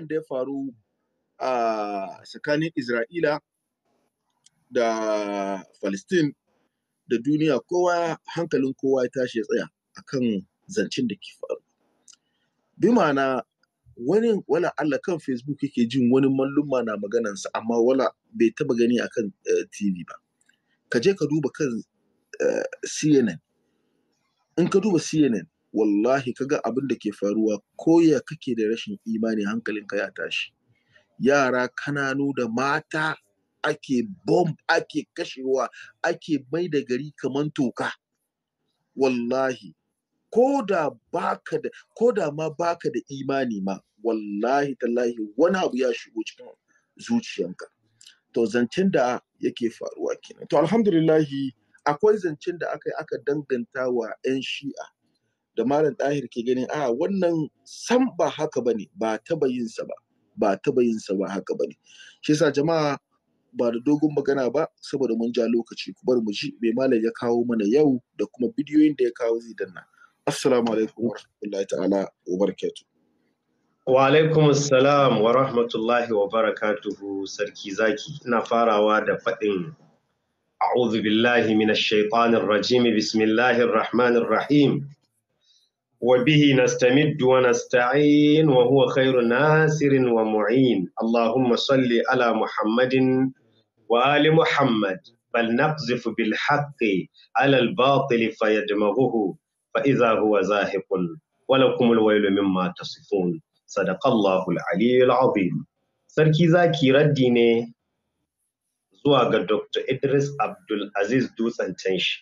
da ya faru a tsakanin Isra'ila da Palestine da duniya kowa hankalin kowa ya tashi ya tsaya akan zancen da ke faru. Bi ma'ana wani wala Allah kan Facebook yake jin wani malluma na maganansa amma wala bai taba gani akan eh, TV ba. Ka je ka duba kan eh, CNN. In ka duba CNN wallahi kaga abin da ke faruwa ko ya kake da rashin imani ka ya tashi yara kananu da mata ake bomb ake kashewa ake mai da gari kaman toka wallahi ko da baka da ko da ma baka da imani ma wallahi tallahi wani abu ya shigo cikin zuciyanka to zancen da yake faruwa kenan to alhamdulillahi akwai zancen da aka aka danganta wa 'yan shi'a da malam ɗahir ke ganin a wannan san ba haka ba ne ba taba yinsa ba ba taba yinsa ba haka ba ne shi yasa jama'a ba da dogon magana ba saboda mun ja lokaci ku bar mu ji mai malam ya kawo mana yau da kuma bidiyoyin da ya kawo zai danna assalamu alaikum wa rahmatullahi ta'ala wa barakatuh wa alaikum assalam wa rahmatullahi wa barakatuhu sarki zaki ina farawa da faɗin a'udhu billahi minash shaitanir rajim bismillahir rahmanir rahim وبه نستمد ونستعين وهو خير ناصر ومعين اللهم صل على محمد وآل محمد بل نقذف بالحق على الباطل فيدمغه فإذا هو زاهق ولكم الويل مما تصفون صدق الله العلي العظيم sarki zaki raddi ne zuwa ga Dr. Idris Abdul Aziz Dutsen Tanshi.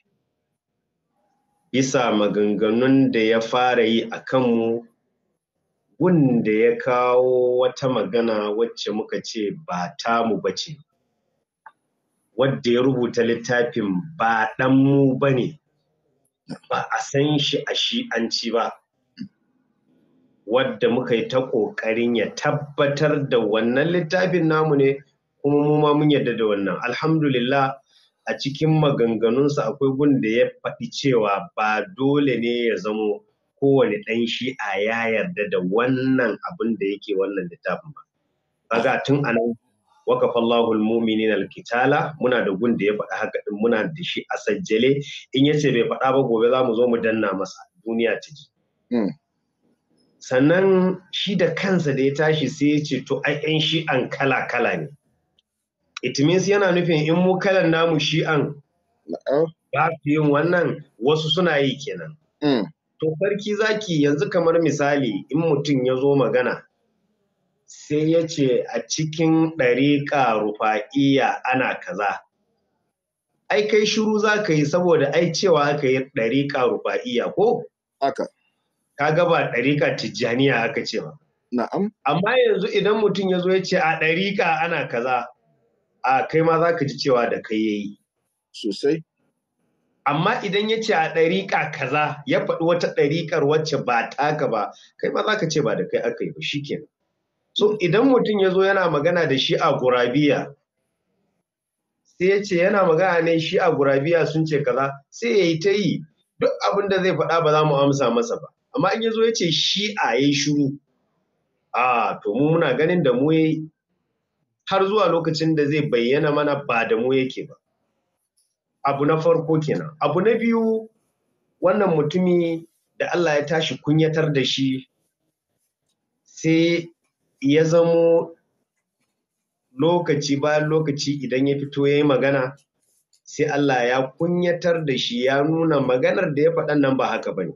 bisa maganganun da ya fara yi a kanmu wanda ya kawo wata magana wacce muka ce ba tamu ba ce wadda ya rubuta littafin ba ɗanmu ba ne ba a san shi a shi an ci ba wadda muka yi ta ƙoƙarin ya tabbatar da wannan littafin namu ne kuma mu ma mun yarda da wannan alhamdulillah a cikin maganganunsa akwai gun da ya faɗi cewa ba dole ne ya zamo kowane ɗan shi'a ya yarda da wannan abin da yake wannan littafin ba. Kaga tun a nan wakafa Allahul muminin muna da gun da ya faɗa haka din muna da shi a sajjale in yace bai faɗa ba gobe za mu zo mu danna masa duniya ta ji. Hmm. Sannan shi da kansa da ya tashi sai ya ce to ai shi shi'an kala-kala ne. it means yana nufin in mu kalan namu shi'an ba su yin wannan wasu suna yi kenan mm. to sarki zaki yanzu kamar misali in mutum ya zo magana sai ya ce a cikin ɗariƙa rufa'iya ana kaza ai kai shiru za ka yi saboda ai cewa aka yi ɗariƙa rufa'iya ko Aka. ka gaba ɗariƙa tijjaniya aka ce ba na'am amma yanzu idan mutum ya zo ya ce a ɗariƙa ana kaza a kai ma za ka ji cewa da kai ya yi sosai amma idan ya ce a ɗariƙa kaza ya faɗi wata ɗariƙar wacce ba taka ba kai ma za ka ce ba da kai aka yi ba shikenan so idan mutum ya zo yana magana da shi a gurabiya sai ya ce yana magana ne shi a gurabiya sun ce kaza sai ya yi ta yi duk abin da zai faɗa ba za mu amsa masa ba amma in ya zo ya ce shi a ya yi shuru a to mu muna ganin da mu yi. har zuwa lokacin da zai bayyana mana ba da mu yake ba abu na farko kenan abu na biyu wannan mutumi da Allah ya tashi kunyatar da shi sai ya zamo lokaci bayan lokaci idan ya fito ya yi magana sai Allah ya kunyatar da shi ya nuna maganar da ya faɗan nan ba haka ba ne.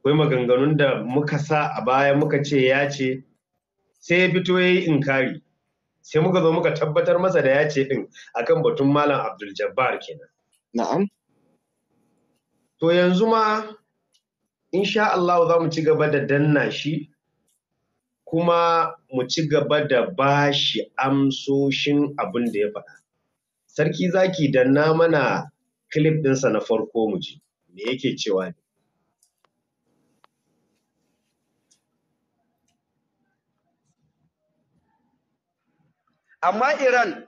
Akwai maganganun da muka sa a baya muka ce ya ce sai ya fito ya yi inkari sai muka zo muka tabbatar masa da ya ce din akan batun malam abdul jabbar kenan na'am to yanzu ma insha Allah za mu ci gaba da danna shi kuma mu ci gaba da ba shi amsoshin abin da ya faɗa sarki zaki danna mana clip ɗinsa na farko mu ji me yake cewa ne amma Iran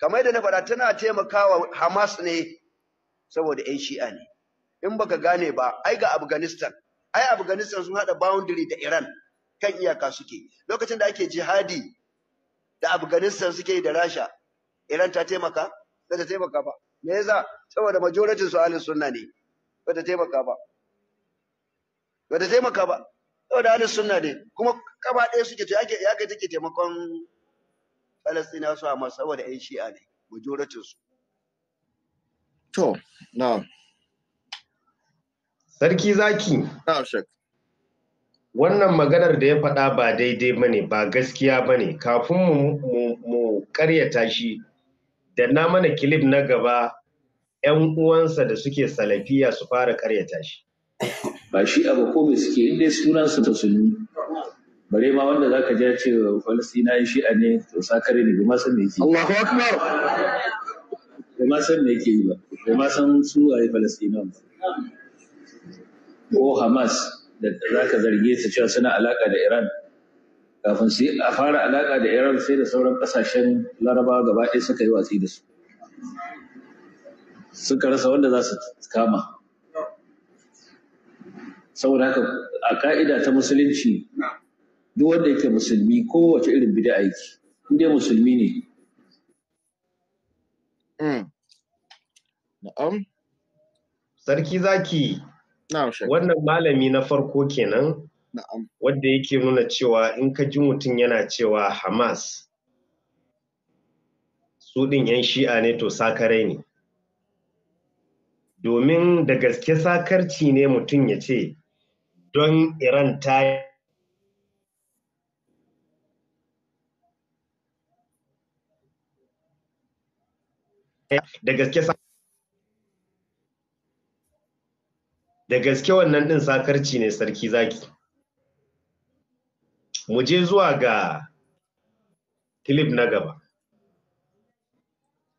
kamar da na faɗa tana taimakawa Hamas ne saboda ƴan Shi'a ne in baka gane ba ai ga Afghanistan ai Afghanistan sun hada boundary da Iran kan iyaka suke lokacin da ake jihadi da Afghanistan suke da Rasha Iran ta taimaka ba ta taimaka ba me yasa saboda majority su ahlus sunna ne ba ta taimaka ba ba ta taimaka ba saboda alin sunna ne kuma kaba ɗaya suke to yake yake take taimakon falastina su amma saboda yan shi'a ne majoratin su to na sarki zaki na shak. wannan maganar da ya faɗa ba daidai ba ne ba gaskiya ba ne kafin mu ƙaryata shi da na mana kilif na gaba 'yan uwansa da suke salafiya su fara ƙaryata shi ba shi abu ko suke inda sunansa musulmi bare ma wanda zaka ji ya ce Falastina ya shi'a ne to sakare ne ma san me yake Allahu akbar bai ma san me yake yi ba bai ma san su a Falastina ba ko Hamas da zaka zarge su cewa suna alaka da Iran kafin su a fara alaka da Iran sai da sauran kasashen Larabawa gaba ɗaya suka yi watsi da su suka rasa wanda za su kama saboda haka a ka'ida ta musulunci duk wanda yake musulmi kowace irin bid'a yake in dai musulmi ne hmm. na'am sarki zaki wannan malami na farko kenan wanda yake nuna cewa in ka ji mutum yana cewa hamas su din 'yan shi'a ne to sakarai ne domin da gaske sakarci ne mutum ya ce don iran ta Eh, da gaske da gaske wannan ɗin sakarci ne sarki zaki mu je zuwa ga kilif na gaba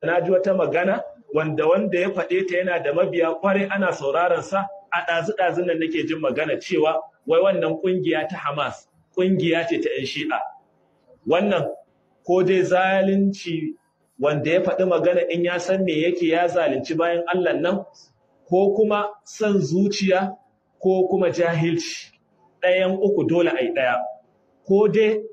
na ji wata magana wanda wanda ya faɗe ta yana da mabiya kwarai ana sauraron sa a ɗazu-ɗazun nan nake jin magana cewa wai wannan ƙungiya ta Hamas ƙungiya ce ta 'yan shi'a. Wannan ko dai zalunci wanda ya faɗi magana in ya san me yake ya zalunci bayan Allah nan ko kuma san zuciya ko kuma jahilci ɗayan uku dole a yi ɗaya ko dai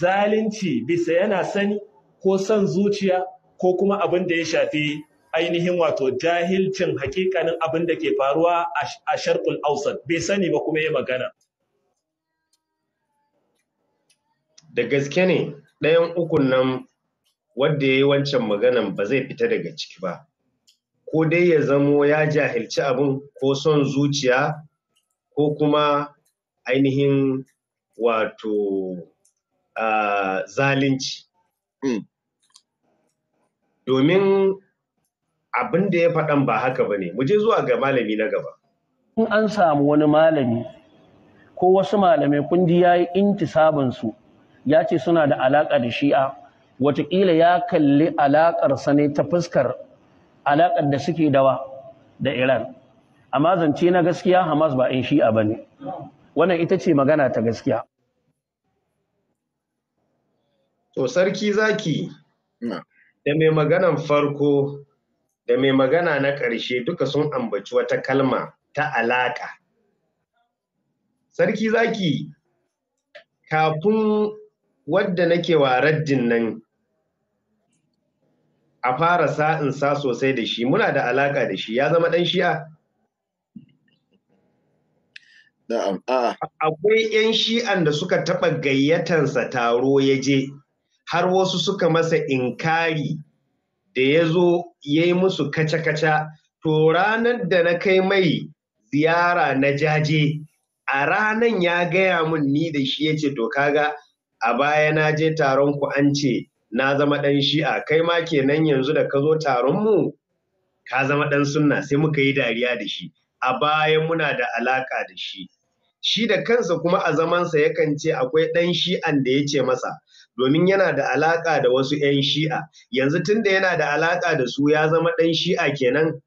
zalunci bisa yana sani ko son zuciya ko kuma abin da ya shafi ainihin wato jahilcin hakikanin abin da ke faruwa a sharkul ausat bai sani ba kuma ya magana da gaske ne ɗayan ukun nan wanda ya yi wancan maganan ba zai fita daga ciki ba ko dai ya zamo ya jahilci abin ko son zuciya ko kuma ainihin wato zalunci hmm. domin abin da ya faɗan ba haka ba ne mu je zuwa ga malami na gaba in an samu wani malami ko wasu malamai kundi ya yi intisabinsu ya ce suna da alaƙa da shi'a wataƙila ya kalli alaƙarsa ne ta fuskar alaƙar da suke dawa da iran amma zance na gaskiya hamas ba in shi'a ba ne wannan ita ce magana ta gaskiya to sarki zaki da mai maganan farko da mai magana na ƙarshe duka sun ambaci wata kalma ta alaƙa sarki zaki kafin wadda nake wa raddin nan a fara sa'insa sosai da shi muna da alaka da shi ya zama ɗan shi'a? Akwai 'yan shi'an da suka taɓa gayyatansa taro ya je, har wasu suka masa inkari da ya zo ya yi musu kaca-kaca, to ranar da na kai mai ziyara na jaje, a ranan ya gaya mun ni da shi ya ce, to kaga a baya na je taron ku an ce na zama ɗan shi'a kai ma kenan yanzu da ka zo taron mu ka zama ɗan sunna sai muka yi dariya da shi a baya muna da alaƙa da shi shi da kansa kuma a zamansa yakan ce akwai ɗan shi'an da ya ce masa domin yana da alaƙa da wasu 'yan shi'a yanzu tun da yana da alaƙa da su ya zama ɗan shi'a kenan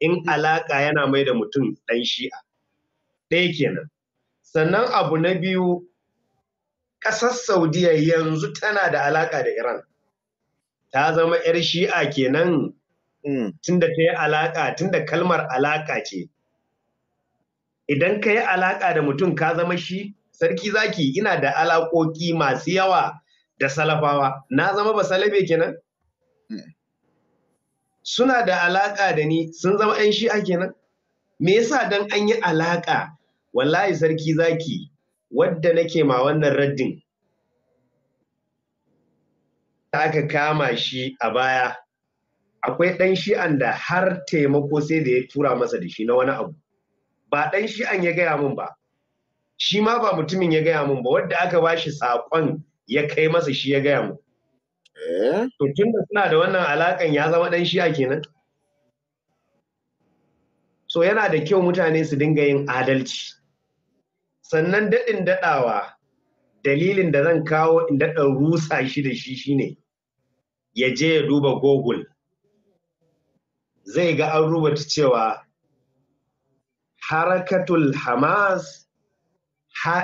in alaƙa yana mai da mutum ɗan shi'a ɗaya kenan sannan abu na biyu ƙasar saudiya yanzu tana da alaƙa da iran ta zama 'yar shi'a kenan hmm. tunda ta yi alaƙa tunda kalmar alaƙa ce idan ka yi alaƙa da mutum ka zama shi sarki zaki ina da alaƙoƙi masu yawa da salafawa na zama ba salabe kenan hmm. suna da alaƙa da ni sun zama 'yan shi'a kenan me yasa dan an yi alaƙa wallahi sarki zaki wadda nake ma wannan raddin da aka kama shi a baya akwai ɗan shi'an da har taimako sai da ya tura masa da shi na wani abu ba ɗan shi'an ya gaya min ba shi ma ba mutumin ya gaya min ba wadda aka ba shi saƙon ya kai masa shi ya gaya min eh? to tun da suna da wannan alaƙan ya zama ɗan shi'a kenan so yana da kyau mutane su dinga yin adalci sannan daɗin daɗawa dalilin da zan kawo in daɗa rusa shi da shi shine ya je ya duba google zai ga an rubuta cewa harakatul hamas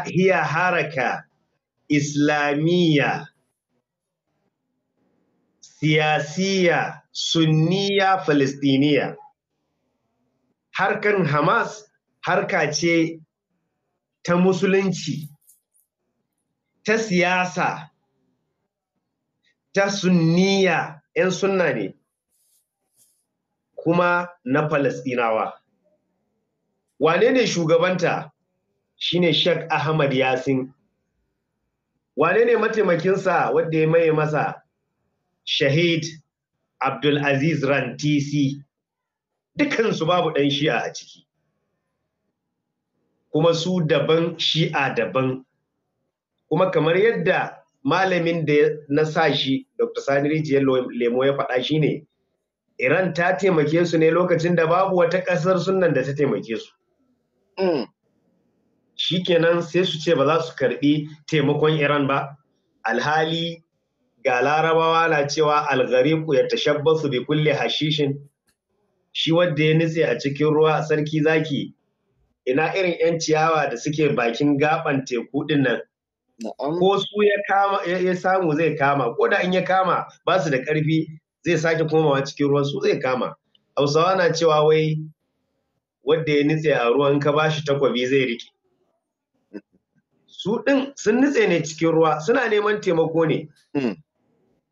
hiya haraka islamiyya siyasiya sunniya falistiniya harkan hamas harka ce ta musulunci ta siyasa ta sunniya 'yan sunna ne kuma na Falasɗinawa. Wane ne shugabanta? Shine Sheikh Ahmad Yasin. Wane ne mataimakinsa wadda ya maye masa? Shahid Abdulaziz Rantisi. Dukansu babu ɗan shi'a a ciki. Kuma su daban shi'a daban. Kuma kamar yadda malamin da na sa shi Dr. Sani Rijiyar Lemo ya faɗa shi ne, Iran ta taimake su ne lokacin da babu wata ƙasar sunan da ta taimake su. Mm. Shi kenan sai su ce ba za su karɓi taimakon Iran ba, alhali ga larabawa na cewa algariku ya su bi kulle hashishin shi wadda ya nutse a cikin ruwa sarki zaki ina irin 'yan ciyawa da suke bakin gaban teku ɗin nan ko su ya kama ya samu zai kama ko da in ya kama ba su da ƙarfi zai sake komawa cikin ruwan su zai kama hausawa na cewa wai wadda ya nitse a ruwan ka ba shi takwabi zai rike su ɗin sun nitse ne cikin ruwa suna neman taimako ne hmm.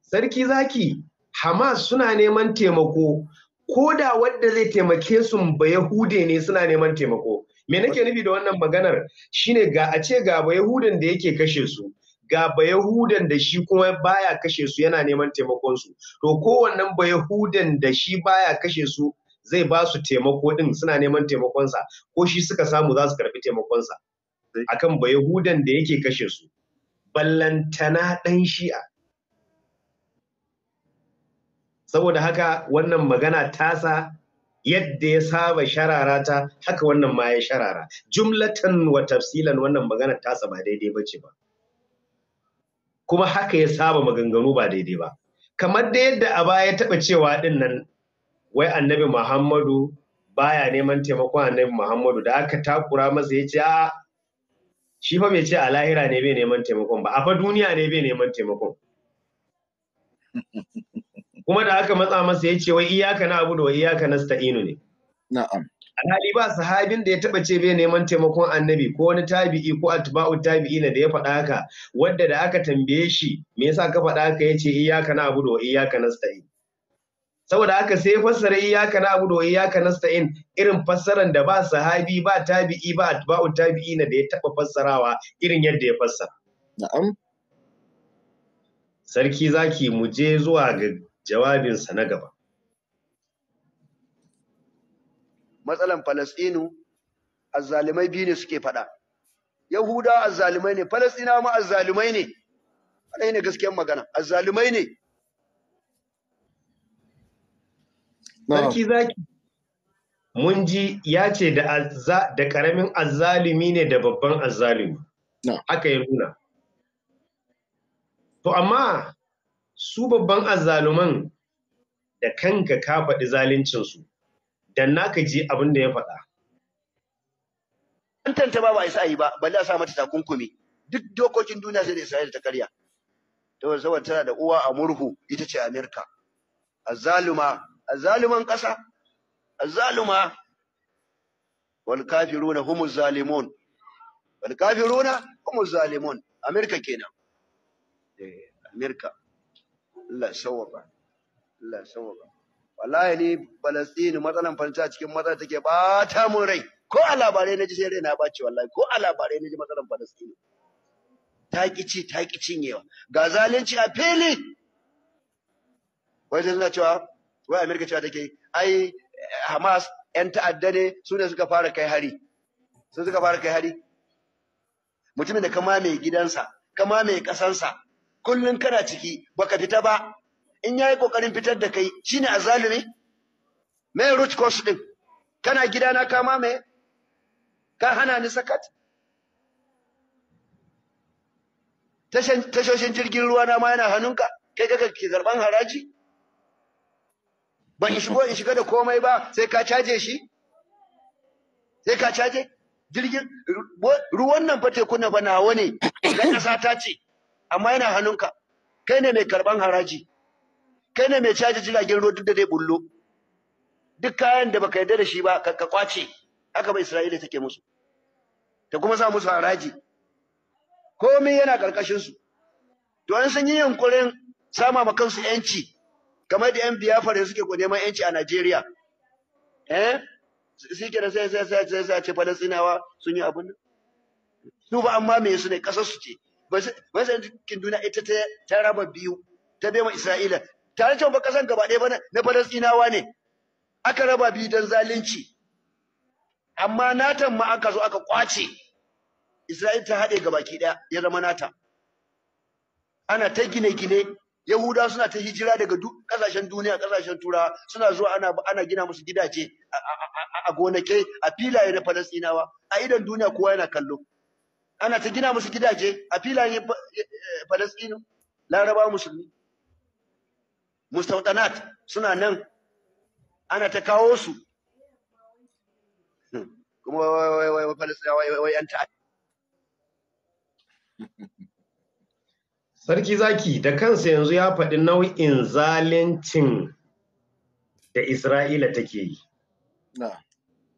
sarki zaki hamas suna neman taimako ko da wadda zai taimake su ba yahude ne suna neman taimako me nake nufi da wannan maganar shine ga a ce ga ba yahudan da yake kashe su ga ba yahudan da shi kuma baya kashe su yana neman taimakon su to ko ba yahudan da shi baya kashe su zai ba su taimako din suna neman taimakon sa ko shi suka samu za su karbi taimakon sa akan ba yahudan da yake kashe su ballantana ɗan shi'a saboda haka wannan magana tasa yadda ya saba sharara ta, haka wannan ma ya sharara jumlatan wa tafsilan wannan magana tasa ba daidai ba ce ba kuma haka ya saba maganganu ba daidai ba kamar da yadda a baya taɓa cewa ɗin nan wai annabi muhammadu baya neman taimakon annabi muhammadu da aka takura masa ya ce a shi fa mai ce a lahira ne bai neman taimakon ba a fa duniya ne bai neman taimakon kuma da aka matsa masa ya ce wai iyaka na abu da wai iyaka na sta'inu ne na'am alhali ba sahabin da ya taba ce bai neman taimakon annabi ko wani tabi'i ko atba'u tabi'i da ya faɗa haka wadda da aka tambaye shi me yasa ka faɗa haka yace iyyaka da wa iyyaka nasta'in saboda haka sai ya fassara iyyaka da wa iyyaka nasta'in irin fassaran da ba sahabi ba tabi'i ba atba'u tabi'i da ya taba fassarawa irin yadda ya fassara na'am sarki zaki mu je zuwa ga jawabinsa na gaba. Matsalan Falasɗinu, azzalimai biyu ne suke faɗa. Yahuda azzalimai ne, Falasɗina ma azzalimai ne. Wannan ne gaskiyar magana, azzalimai ne. Sarki zaki. Mun ji ya ce da ƙaramin azzalimi ne da babban azzalimi. Haka ya nuna. To amma su babban azzaluman da kanka ka faɗi zaluncinsu na naka ji abin da ya faɗa. Tantanta ba ba a isa yi ba balle a sa mata takunkumi duk dokokin duniya sai da Isra'ila ta karya. To saboda tana da uwa a murhu ita ce Amerika. Azzaluma azzaluman ƙasa azzaluma wal kafiruna humus zalimun wal kafiruna humus zalimun Amerika kenan. Eh Amerika. Allah shawaba Allah shawaba wallahi ni Palestine matsalan farta cikin matsala take ba ta mun rai ko a labarai ji sai rai na bace wallahi ko a labarai ji matsalan Palestine ta kici ta kicin yawa ga zalunci a fili wai zan cewa wai America cewa take ai Hamas ‘yan ta'adda ne su ne suka fara kai hari, sun suka fara kai hari. Mutumin da kama mai gidansa, kama mai kasansa. kullun kana ciki baka fita ba in yayi kokarin fitar da kai shine azalimi me root cause din kana gidana ka mai? ka hana ni sakat tashoshin jirgin ruwa na ma yana hannunka kai kaka ke zarban haraji ban shigo in shiga da komai ba sai ka caje shi sai ka caje jirgin ruwan nan fa tekuna ba nawa ne ga ƙasa ta ce amma yana hannunka kai ne mai karban haraji kai ne mai caji jiragen ruwa duk da zai bullo duk kayan da baka yarda da shi ba ka kwace haka ba Isra'ila take musu ta kuma sa musu haraji komai yana karkashin su to an san yin yunkurin sama ma kansu yanci kamar da yan biyafar suke ko neman yanci a Najeriya eh da kenan sai sai sai sai ce Falastinawa sun yi abun nan su ba amma me su ne kasar su ce masarautar duniya ita ta raba biyu ta bai wa Isra'ila tare cewa ba kasan gaba ɗaya na falasɗinawa ne aka raba biyu don zalunci amma natan ma aka zo aka kwace Isra'ila ta haɗe gabaki ɗaya ya zama nata ana ta gine-gine Yahuda suna ta hijira daga ƙasashen duniya ƙasashen turawa suna zuwa ana gina musu gidaje a gonake a filaye na falasɗinawa a idon duniya kowa yana kallo ana ta gina musu gidaje a filayen eh, eh, Falasɗinu Laraba musulmi mustaudanat suna nan ana ta kawo su hmm. kuma wai Sarki zaki da kansa yanzu ya faɗi nau'in zalincin da Isra'ila take yi.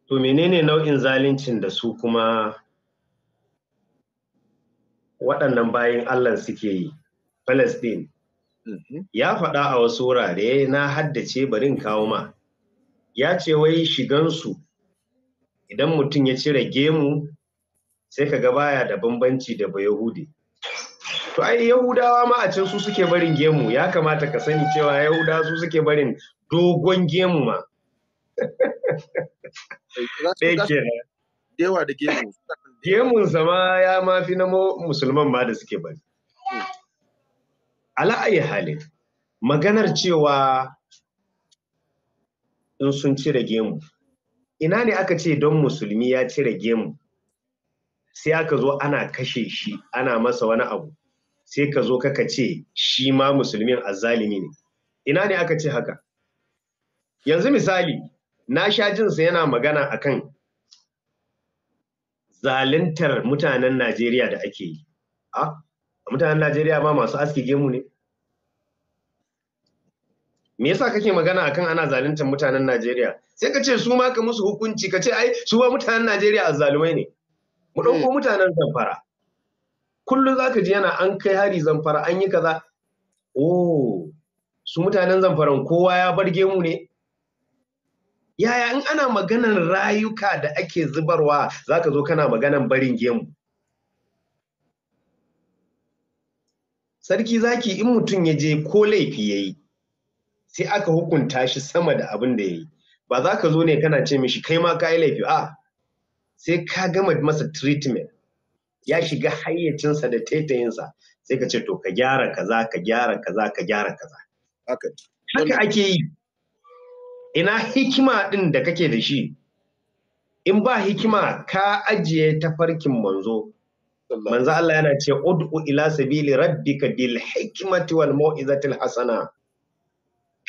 To menene nau'in zalincin da su kuma waɗannan bayan Allah suke yi Palestine mhm. ya faɗa a wasu wurare na haddace barin kawo ma ya ce wai shigansu idan mutum ya cire gemu sai ka ga baya da bambanci da ba yahudi to ai yahudawa ma a can su suke barin gemu ya kamata ka sani cewa Yahuda su suke barin dogon gemu ma da gemu gemun zama ya ma fi na musulman ba da suke bari ala ayi halin maganar cewa in sun cire gemu ina ne aka ce don musulmi ya cire gemu sai aka zo ana kashe shi ana masa wani abu sai ka zo kaka ce shi ma musulmin azalimi ne ina ne aka ce haka yanzu misali na sha jinsa yana magana akan zaluntar mutanen Najeriya da ake yi. A, mutanen Najeriya ba masu aski gemu ne? Me yasa kake magana akan ana zaluntar mutanen Najeriya? Sai ka ce su ma ka musu hukunci ka ce ai su ba mutanen Najeriya a zalumai ne. Mu ɗauko hmm. mutanen Zamfara. Kullum za ka ji yana an kai hari Zamfara an yi kaza. Oh, su mutanen Zamfaran kowa ya bar gemu ne? yaya in ana maganan rayuka da ake zubarwa za ka zo kana maganan barin gemu sarki zaki in mutum ya je ko laifi ya yi sai aka hukunta shi sama da abin da ya yi ba za ka zo ne kana ce mishi kai ma ka yi laifi a sai ka gama masa treatment ya shiga hayyacinsa da taitayinsa sai ka ce to ka gyara kaza ka gyara kaza ka gyara kaza haka ake yi ina hikima ɗin da kake da shi in ba hikima ka ajiye ta farkin manzo manzo Allah yana ce ud'u ila sabili rabbika bil hikmati wal mau'izatil hasana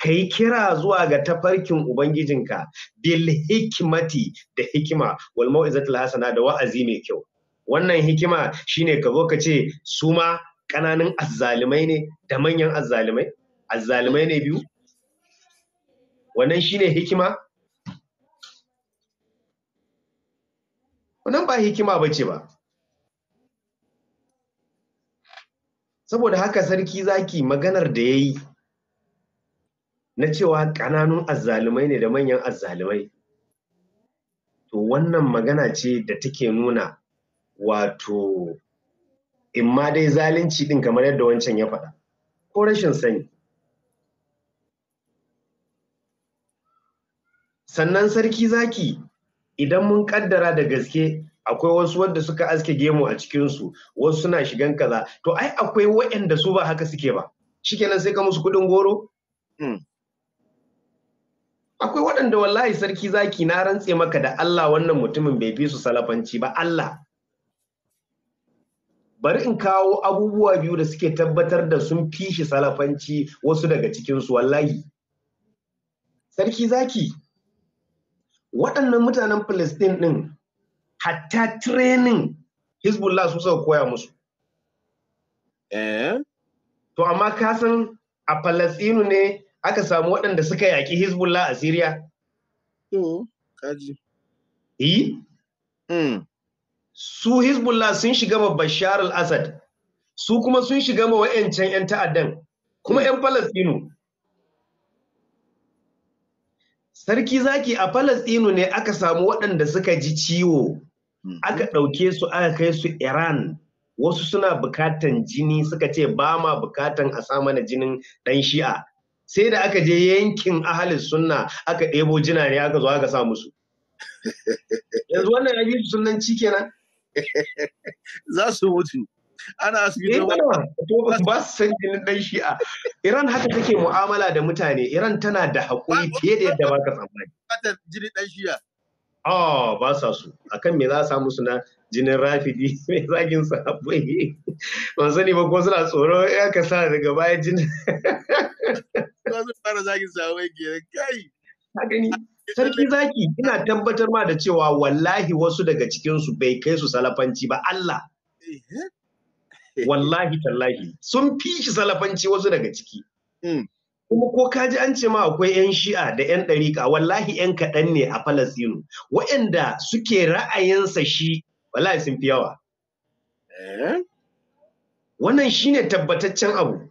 kai kira zuwa ga tafarkin ubangijinka bil hikmati da hikima wal mau'izatil hasana da wa'azi mai kyau wannan hikima shine ka zo ka ce su ma kananan azzalimai ne da manyan azzalimai azzalimai ne biyu wannan shine hikima wannan ba hikima ba ba saboda haka sarki zaki maganar da ya yi na cewa ƙananun azzalumai ne da manyan azzalumai to wannan magana ce da take nuna wato in ma dai zalunci ɗin kamar yadda wancan ya faɗa ko rashin sani sannan sarki zaki idan mun kaddara da gaske akwai wasu wanda suka aske gemu a cikinsu wasu suna shigan kaza to ai akwai waɗanda su ba haka suke ba shikenan sai ka musu kuɗin goro hmm. akwai waɗanda wallahi sarki zaki na rantse maka da Allah wannan mutumin bai bi su salafanci ba Allah bari in kawo abubuwa biyu da suke tabbatar da sun fi shi salafanci wasu daga cikinsu wallahi sarki zaki waɗannan mutanen Palestine ɗin hatta training Hezbollah su suka koya musu. Eh? To amma ka san a Palestine ne aka samu waɗanda suka yaƙi Hezbollah a Siriya? To, kaji. Yi? Hmm. Su Hezbollah sun shiga ma Bashar al-Assad, su kuma sun shiga ma wa'yancan 'yan ta'addan, kuma 'yan hmm. Palestine. Sarki zaki a Falasɗinu ne aka samu waɗanda suka ji ciwo, hmm. aka ɗauke su aka kai su Iran. Wasu suna bukatan jini suka ce ba ma bukatan a sa mana jinin ɗan shi'a. Sai da aka je yankin ahalin sunna aka ɗebo jina ne aka zo aka sa musu. Yanzu wannan ya bi sunan kenan. Za su mutu. ana asibitin eh, ba su san jinin dan shi'a iran haka take mu'amala da mutane iran tana da haƙuri fiye da yadda baka tsammani jinin dan shi'a Oh, ba sa so akan me za a samu suna jinin rafidi mai zagin sahabbai ban sani ba ko suna tsoro ya ka sa daga baya jinin za su fara zagin sahabbai ke kai sarki zaki ina tabbatar ma da cewa wallahi wasu daga cikinsu bai kai su salafanci ba Allah eh, eh? wallahi tallahi sun fi shi salafanci wasu daga ciki hmm. kuma ko ka ji an ce ma akwai 'yan shi'a da 'yan ɗarika, wallahi 'yan kaɗan ne a Falasɗinu waɗanda suke ra'ayinsa shi wallahi sun fi yawa eh? wannan shi ne tabbataccen abu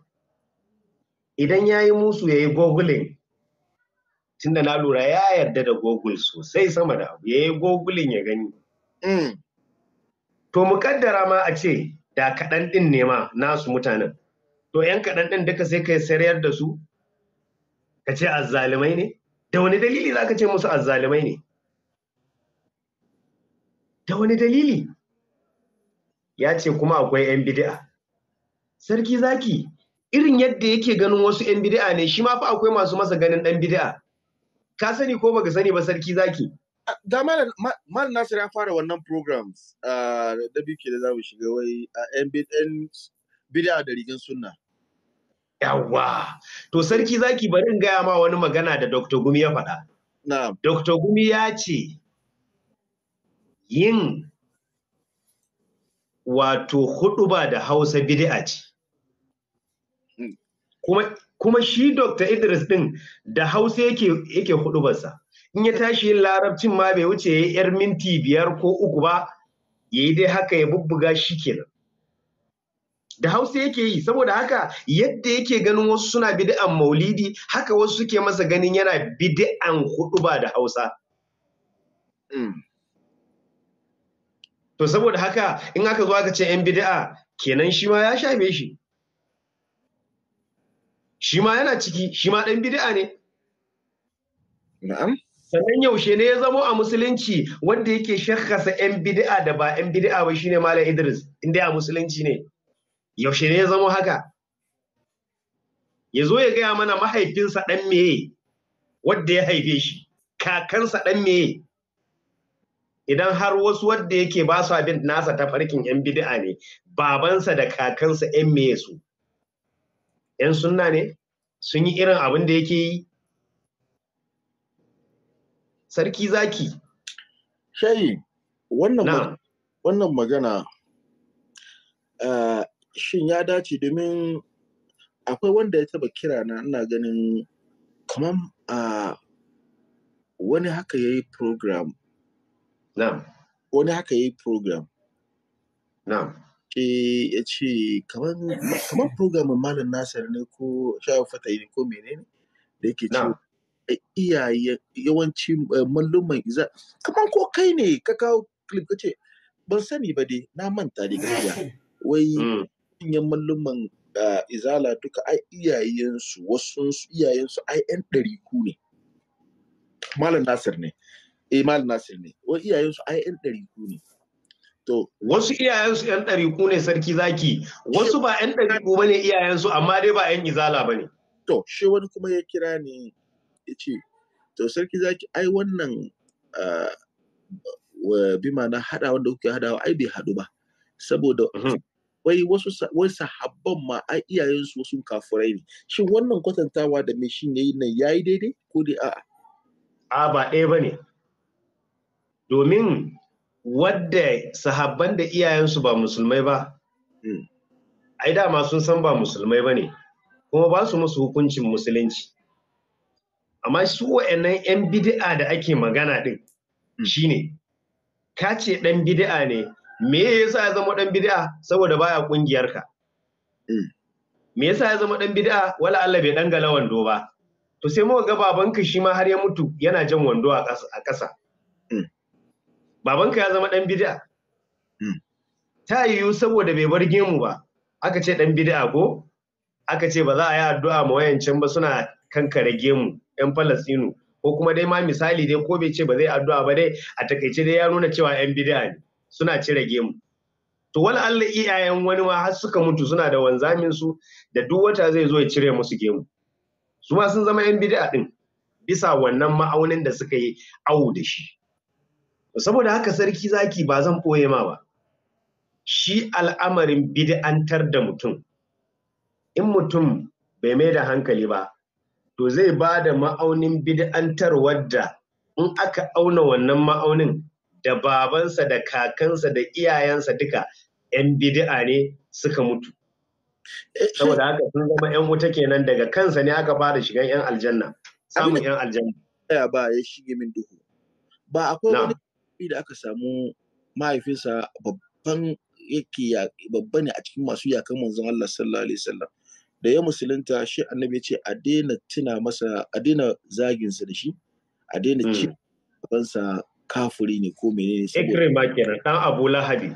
idan ya yi musu ya yi tun tunda na lura ya yarda da gogul sosai sama da abu ya yi gogulin ya gani hmm. to mu kaddara ma a ce da kaɗan ɗin ne ma nasu mutanen to yan kaɗan ɗin duka sai ka sayar da su ka ce azzalimai ne da wani dalili za ka ce musu azzalimai ne da wani dalili ya ce kuma akwai 'yan bid'a sarki zaki irin yadda yake ganin wasu 'yan bid'a ne shi ma fa akwai masu masa ganin ɗan bid'a ka sani ko baka sani ba sarki zaki da ah, mal nasir ya fara wannan programs ah, da bike da za mu shiga wai ah, yan bida da rigin sunna yawa to sarki zaki barin gaya ma wani magana da dr gumi ya faɗa dr gumi ya ce yin wato hudu da hausa bid'a ce hmm. kuma kuma shi Dr. Idris din da Hausa yake yake hudubarsa in ya tashi yin larabcin ma bai wuce ya yar minti biyar ko uku ba ya yi dai haka ya bubbuga shi kenan da Hausa yake yi saboda haka yadda yake ganin wasu suna bid'an maulidi haka wasu suke masa ganin yana bid'an huduba da Hausa mm. to saboda haka in aka zo aka ce yan bid'a kenan shi ma ya shafe shi shi yana ciki shi ma ɗan bid'a ne na'am sannan yaushe ne ya zamo a musulunci wanda yake shakkasa 'yan bid'a da ba 'yan bid'a ba shine malam idris inda a musulunci ne yaushe ne ya zamo haka ya zo ya gaya mana mahaifinsa ɗan meye wadda ya haife shi kakansa ɗan meye idan har wasu wadda yake ba su abin nasa ta farkin 'yan bid'a ne babansa da kakansa 'yan meye su 'yan sunna ne sun yi irin abin da yake yi sarki zaki shayi wannan magana eh, shin ya dace domin akwai wanda ya taba kira na ina ganin kamar a ah, wani haka ya yi program wani haka ya yi program Na. ke ya ce kamar programin Malam Nasir ne ko Shehu fata ne ko menene da yake cewa eh, iyaye yawanci eh, malluman iza kamar ko kai ne ka kawo clip ka ce ban sani ba dai na manta da gaskiya wai mm. manyan malluman ah, izala duka ai iyayensu wasu iyayensu ai yan ɗari ku ne Malam Nasir ne eh Malam Nasir ne wai iyayensu ai yan ɗari ku ne Wasu iyayensu ‘yan ɗariku ne sarki zaki, wasu ba ‘yan ɗariku ba ne iyayensu amma dai ba ‘yan izala ba ne. To, shi wani kuma ya kira ni ya ce, to sarki zaki ai wannan ah, bi na haɗawa wanda kuke haɗawa ai bai haɗu ba. Saboda mhm. wai wasu wai sahabban ma ai iyayensu wasu kafurai ne. Shin wannan kwatantawa da me shin yayi nan yayi daidai ko dai a'a? A ba ɗaya ba ne. Domin wadda sahabban da iyayensu ba musulmai ba hmm. ai dama sun san ba musulmai ba ne kuma ba su musu hukuncin musulunci amma su wa'annan 'yan bid'a da ake magana din hmm. ne. ka ce ɗan bid'a ne me ya sa ya zama ɗan bid'a saboda baya ƙungiyarka hmm. me ya sa ya zama ɗan bid'a wala Allah bai ɗan dangala wando ba to sai muka ga babanka shi ma har ya mutu yana jan wando a ƙasa babanka ya zama ɗan bid'a hmm. ta yiwu saboda bai bar gemu ba aka ce ɗan bid'a ko aka ce ba za a yi addu'a ma wayancan ba suna kankare gemu yan Falasɗinu ko kuma dai ma misali dai ko bai ce ba zai addu'a ba dai a takaice dai ya nuna cewa yan bid'a ne suna cire gemu to wani Allah iyayen wani ma har suka mutu suna da wanzamin su da duk wata zai zo ya cire musu gemu su ma sun zama yan bid'a ɗin bisa wannan ma'aunin da suka yi awu da shi saboda haka sarki zaki ba zan ɓoye ma ba shi al'amarin bid'antar da mutum in mutum bai mai da hankali ba to zai ba da ma'aunin bid'antar wadda in aka auna wannan ma'aunin da babansa da kakansa da iyayensa duka 'yan bid'a ne suka mutu saboda haka sun zama 'yan wuta kenan daga kansa ne aka fara shigan 'yan aljanna samun 'yan aljanna ba ya shige da aka samu mahaifinsa babban yake babba ne a cikin masu yakan manzon Allah sallallahu alaihi wasallam da ya musulunta shi annabi ya ce a daina tuna masa a daina zagin sa da shi a daina ci hmm. sa kafuri ne ko menene saboda Ikrima kenan dan Abu Lahabi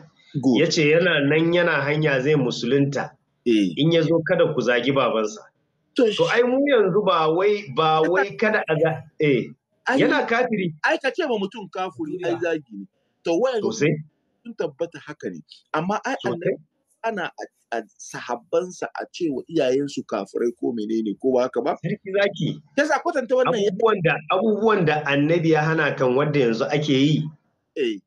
yace yana nan yana hanya zai musulunta eh. in ya zo kada ku zagi babansa to ai mu yanzu ba wai ba wai kada a ga eh yana kafiri ai ka ce ma mutum kafiri ai zagi ne to wayan sun tabbata haka ne amma ai ana a sahabbansa a cewa iyayensu kafirai ko menene ko ba haka ba sarki zaki sa kwatanta wannan abubuwan da abubuwan da annabi ya hana kan wanda yanzu ake yi eh.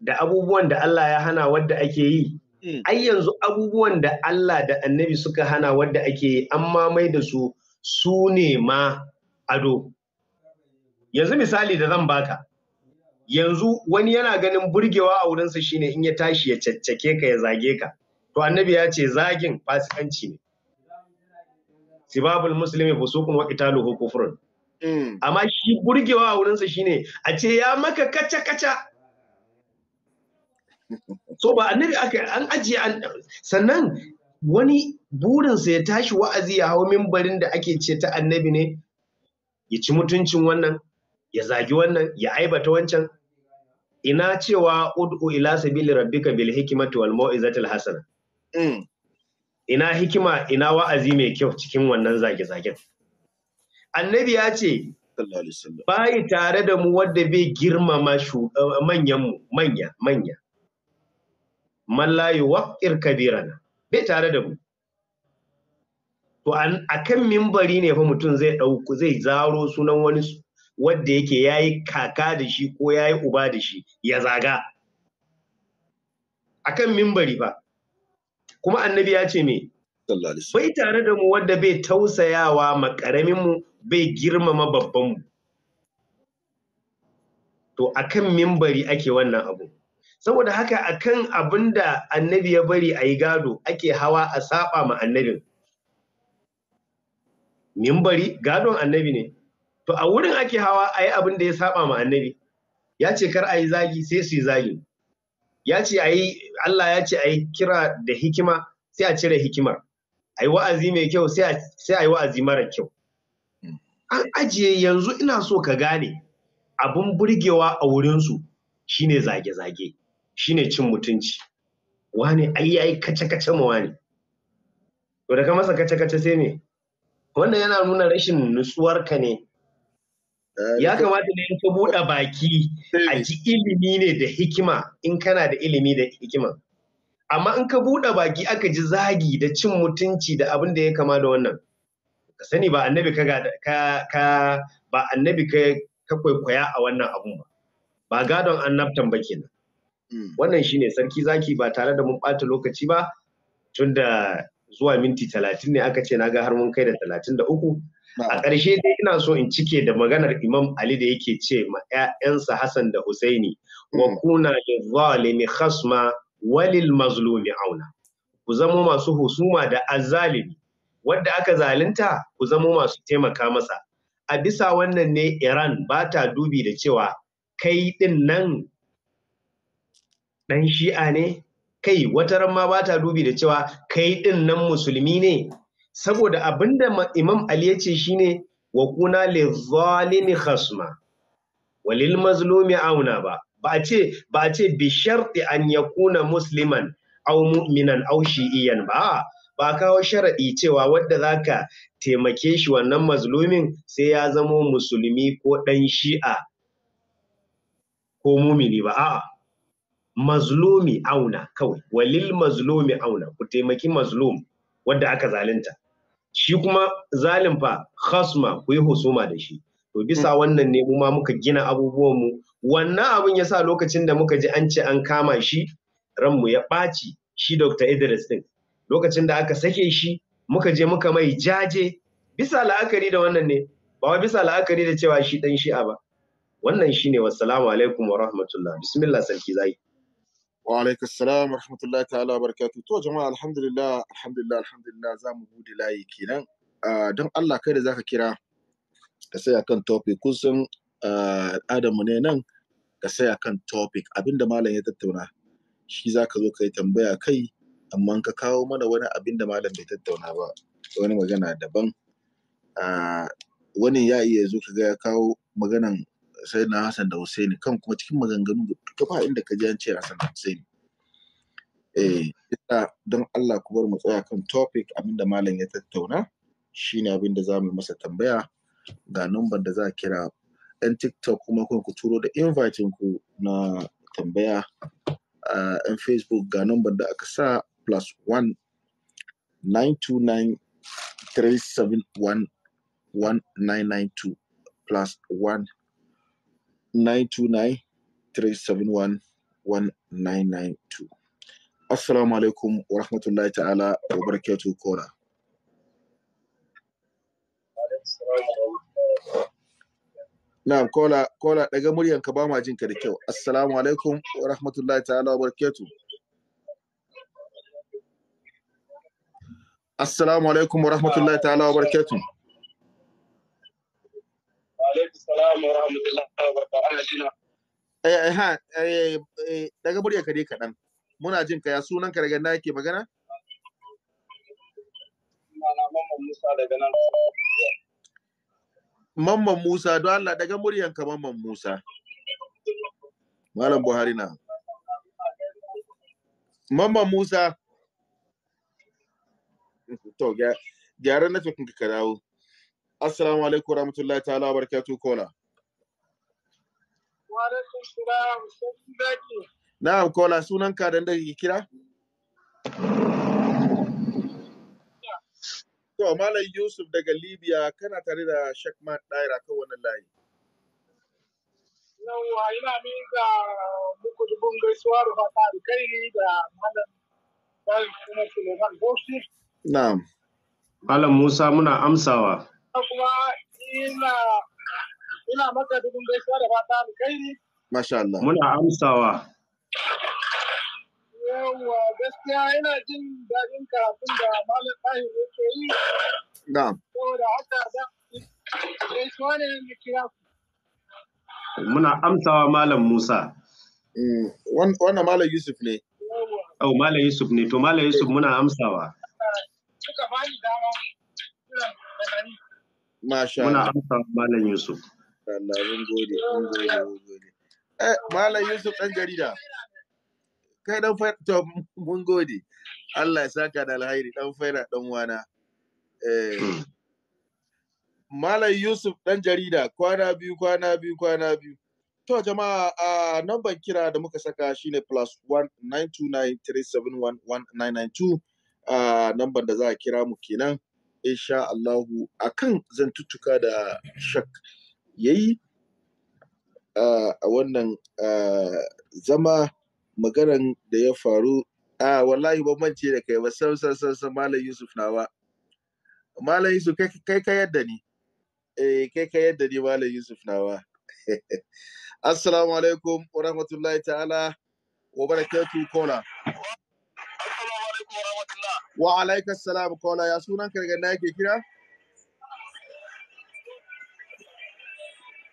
da abubuwan da Allah ya hana wadda ake yi hmm. ai yanzu abubuwan da Allah da annabi suka hana wadda ake yi amma mai da su su ne ma ado yanzu misali da zan baka yanzu wani yana ganin burgewa a wurinsa shine in ya tashi ya caccake ka ya zage ka to annabi ya ce zagin fasikanci ne sibabul muslimi fusukun wa ko kufrun mm. amma shi burgewa a wurinsa shine a ce ya maka kaca kaca so ba annabi aka an ajiye sannan wani burinsa ya tashi wa'azi ya hau mimbarin da ake ce ta annabi ne ya ci mutuncin wannan ya zagi wannan ya aibata wancan ina cewa ud'u ila sabili rabbika bil hikmati wal mau'izatil hasana mm. ina hikima ina wa'azi mai kyau cikin wannan zage-zagen annabi ya ce bayi tare da mu wadda bai girmama eh, manyanmu manya manya mallayu waƙir kabirana bai tare da mu to a kan mimbari ne fa mutum zai zai zaro sunan wani wadda yake ya yi kaka da shi ko ya yi uba da shi ya zaga a kan mimbari ba kuma annabi ya ce me bai tare da mu wadda bai tausayawa makaraminmu bai girmama babbanmu to a kan mimbari ake wannan abu saboda haka a kan abin da annabi ya bari a yi gado ake hawa a saba ma annabin mimbari gadon annabi ne to a wurin ake hawa a yi abin da ya saba ma annabi ya ce kar a yi zagi sai su yi zagi ya ce a yi Allah ya ce a yi kira da hikima sai a cire hikimar a yi wa'azi mai kyau sai a yi wa'azi mara kyau an ajiye yanzu ina so ka gane abin burgewa a wurinsu shine zage-zage shine cin mutunci wane ai kace-kace ma wane to da ka masa kace-kace sai me wannan yana nuna rashin nutsuwarka ne Eh, ya kamata ne ka buɗe baki a ji ilimi ne da hikima in kana da ilimi da hikima amma in ka buɗe baki aka ji zagi da cin mutunci da abin da ya kama da wannan ka sani ba annabi ka ka ba annabi ka ka kwaikwaya a wannan abun ba ba gadon annabtan ba kenan hmm. wannan shine sarki zaki ba tare da mun ɓata lokaci ba tunda zuwa minti talatin ne aka ce na ga har mun kai da talatin da uku a ƙarshe dai ina so in cike da maganar imam ali da yake ce ma 'ya'yansa hassan da husaini wa mm. kuna zalimi khasma walil mazlumi auna ku zamo masu husuma da azalimi wadda aka zalunta ku zamo masu taimaka masa a bisa wannan ne iran ba ta dubi da cewa kai din nan dan shi'a ne kai wata ran ma ba ta dubi da cewa kai ɗin nan musulmi ne saboda abinda imam ali ya ce shine wa kuna li zalimi khasma walil mazlumi auna ba ba a ce ba a ce bi sharti an yakuna musliman aw mu'minan aw shi'iyan ba ba kawo sharaɗi cewa wanda zaka taimake shi wannan mazlumin sai ya zamo musulmi ko ɗan shi'a ko mumini ba a'a mazlumi auna kawai walil mazlumi auna ku taimaki mazlum wanda aka zalunta shi kuma zalim fa khasma ku yi husuma da shi to bisa hmm. wannan ne mu ma muka gina abubuwan mu wannan abin yasa lokacin da muka ji an ce an kama shi ran mu ya ɓaci shi Dr. Idris din lokacin da aka sake shi muka je muka mai jaje bisa la'akari da wannan ne ba wai bisa la'akari da cewa shi dan shi'a ba wannan shine wassalamu alaikum wa rahmatullah bismillah sarki zai wa alaikum salam rahmatullahi ta'ala wa barakatuh to jama'a alhamdulillah alhamdulillah alhamdulillah za mu bude layi kenan don Allah kai da zaka kira ka saya kan topic kun san adamu ne nan ka saya kan topic abinda malam ya tattauna shi zaka zo ka yi tambaya kai amma ka kawo mana wani abinda malam bai tattauna ba wani magana daban wani ya iya zo ka ga ya kawo maganan sai na Hassan da Hussaini kan kuma cikin maganganu da duka ba inda ka ji an ce Hassan da Hussaini eh don Allah ku bar mu tsaya kan topic abinda malam ya tattauna shine abinda za mu masa tambaya ga number da za a kira yan TikTok kuma ku turo da invite ku na tambaya a yan Facebook ga number da aka sa plus one nine two plus one 929 371 1992 assalamu alaikum wa rahmatullahi ta'ala wa barakatu kora Na'am kola kola daga muryan ka ba ma jinka da kyau. Assalamu alaikum wa rahmatullahi ta'ala wa barakatu. Assalamu alaikum wa rahmatullahi ta'ala wa barakatuh. wa eh, eh, ha, eh, daga murya ka dai kaɗan. Muna jin ka ya sunan ka daga na yake magana? Mamman Musa, don Allah daga muryan ka Mamman Musa. Malam Buhari na. Mamman Musa. To, gyara na ka dawo. Assalamu alaikum warahmatullahi ta'ala wa barakatuh kola. Wa alaikum salam sun zaki. Na'am kola sunan ka dan da kike kira? To Malam Yusuf daga Libya kana tare da Shakman Daira kan wannan layi. Yawwa ina miƙa muku dubun gaisuwa da fata alkhairi da Malam Salisu Suleiman Bosi. Na'am. Malam Musa muna amsawa. kuma ina ina maka dubin gaisuwa muna amsawa jin daɗin malam na kira muna amsawa malam Musa mm, wannan malam Yusuf ne Oh, Malam Yusuf ne, to Malam Yusuf muna amsawa. Suka bani dama, Masha Muna amsa Malam Yusuf. Allah mun gode, mun gode, mun gode. Eh, Malam Yusuf ɗan jarida. Kai ɗan fa to mun gode. Allah ya saka da alheri dan faira dan wana. Eh, hmm. Malam Yusuf ɗan jarida kwana biyu kwana biyu kwana biyu. To jama'a a namban kira da muka saka shine plus one nine two nine three seven one one nine nine two. Ah, namban da za a kira mu kenan. insha Allahu akan zantuttuka da shak ya yi a wannan zama maganan da ya faru a wallahi ban mance da kai ba sam sam sam malam Yusuf nawa malam Yusuf kai ka yadda ni eh kai ka yadda ni malam Yusuf nawa assalamu alaikum wa rahmatullahi ta'ala wa barakatuh kola wa alaika salam kola ya sunan kargan da yake kira?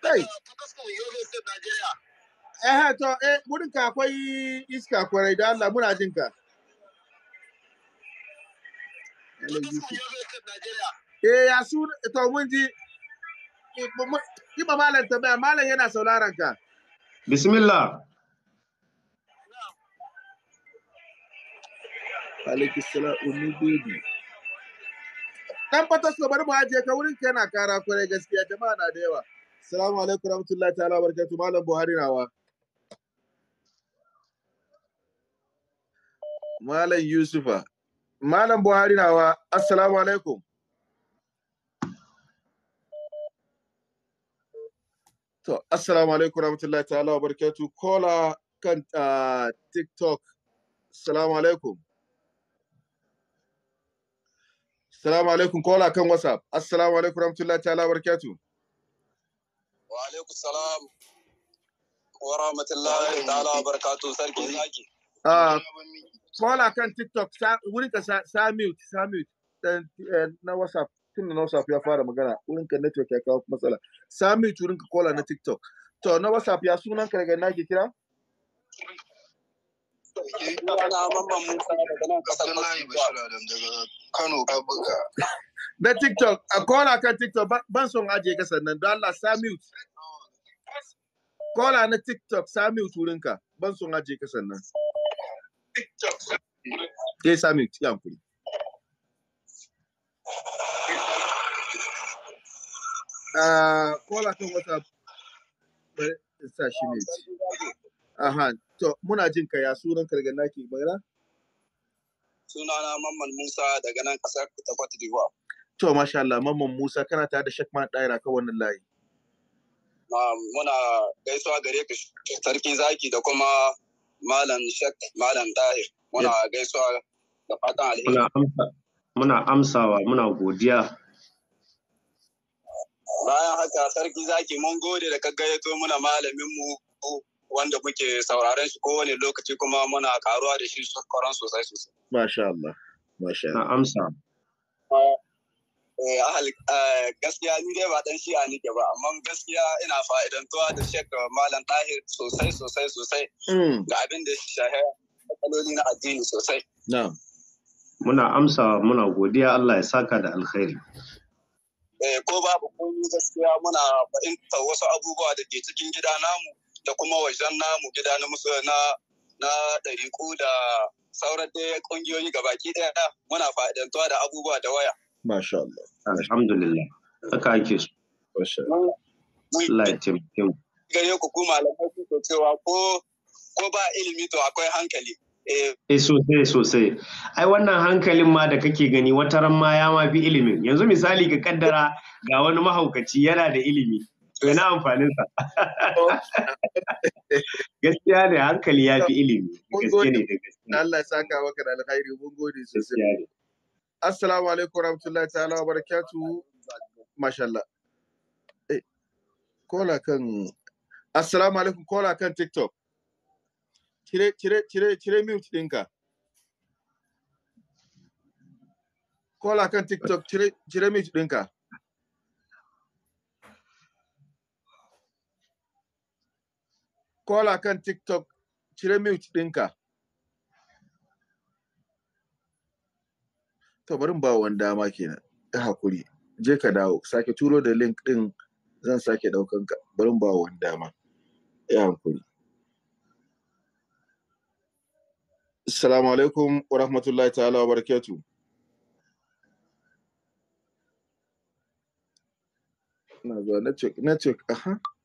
Kai! Eh, to, eh, gudun ka akwai iska kwarai da Allah muna jin ka. Eh, ya sun, to mun ji, ki ba malam tambaya, malam yana sauraron ka. Bismillah. alaikisala umugudi dan fata su bar mu aje ka wurin kana kara kwarai gaskiya jama'a na da yawa assalamu alaikum rahmatullahi ta'ala barakatu malam buhari nawa? malam yusufa malam buhari nawa? assalamu alaikum to assalamu alaikum rahmatullahi ta'ala barakatu kola kan ah, tiktok assalamu alaikum Assalamu alaikum kola kan WhatsApp. Assalamu alaikum rahmatullahi ta'ala barakatuh. Wa alaikum salam. Wa rahmatullahi ta'ala barakatuh sarki zaki. Ah kola kan TikTok wurin ka Samut Samut eh, na WhatsApp tun na WhatsApp ya fara magana wurin ka network ya kawo matsala. Samut wurin ka kola na TikTok. To na WhatsApp ya sunan ka daga nake kira? da TikTok, a kola kan TikTok ban son ajiye ka sannan don Allah Samiut. Kola na TikTok Samiut wurinka ban son ajiye ka sannan. Eh Samiut, ya kuri Kola ah, kan wata bari sashi ne. Aha, to muna jin ka ya sunan karga naki bayra? Sunana Mamman Musa daga nan kasar ta Cote d'Ivoire. To masha Allah Mamman Musa kana tare da Shekman Daira ka wannan layi. muna gaisuwa gare ka sarki zaki da kuma malam Shek malam Daira. Muna gaisuwa da fatan alheri. Muna amsa muna amsawa muna godiya. Bayan haka sarki zaki mun gode da ka gayyato muna malamin mu wanda muke sauraren shi kowane lokaci kuma muna karuwa da shi sukaran sosai sosai. Masha Allah. Masha Allah. Na amsa. Eh, eh, gaskiya ni dai ba dan a nike ba amma gaskiya ina fa'idantuwa da shek malam tahir sosai sosai sosai mm. ga abin da shahe matsaloli na addini sosai. Muna amsa muna godiya Allah ya saka da alkhairi. Eh, ko babu komai gaskiya muna fahimtar wasu abubuwa da ke cikin gida namu da kuma wajen namu gida na musu na na ku da sauran da ƙungiyoyi baki ɗaya muna fa'idantuwa da abubuwa da waya. Masha Allah. Alhamdulillah. Haka ake su. Masha Allah. Allah ya Gare ku kuma malamai ko cewa ko ko ba ilimi to akwai hankali. Eh. eh sosai sosai. Ai wannan hankalin ma da kake gani wataran ma ya ma fi ilimin. Yanzu misali ka kaddara ga wani mahaukaci yana da ilimi. to na amfanin sa gaskiya ne hankali ya fi ilimi gaskiya ne gaskiya Allah ya saka maka da alkhairi mun gode sosai assalamu alaikum warahmatullahi ta'ala wa barakatuhu masha Allah eh, kola kan assalamu alaikum kola kan tiktok cire cire cire cire mute dinka kola kan tiktok cire cire mute dinka kola kan tiktok cire mute ɗinka to bari ba wani dama kenan ya hakuri je ka dawo sake turo da link ɗin zan sake ɗaukan ka bari ba wani dama ya hakuri assalamu alaikum wa rahmatullahi ta'ala wa barakatuh na zuwa network network aha uh -huh.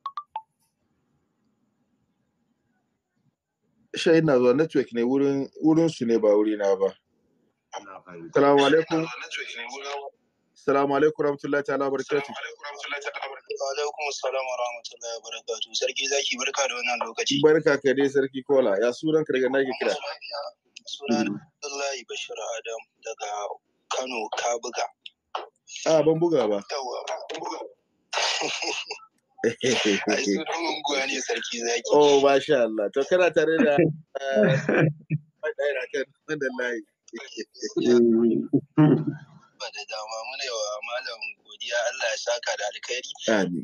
shai na zuwa network ne wurin su ne ba wuri na ba salamu alaikum salamu alaikum rahmatullahi ta'ala barakatu alaikum salamu rahmatullahi barakatu sarki zaki barka da wannan lokaci barka ka dai sarki kola ya sunan ka daga nake kira sunan Abdullahi Bashir Adam daga Kano ka buga a ah, ban buga ba ai su unguwa ne sarki zaki oh masha Allah to kana tare da eh, dama muna yawa malam godiya Allah ya saka da alkhairi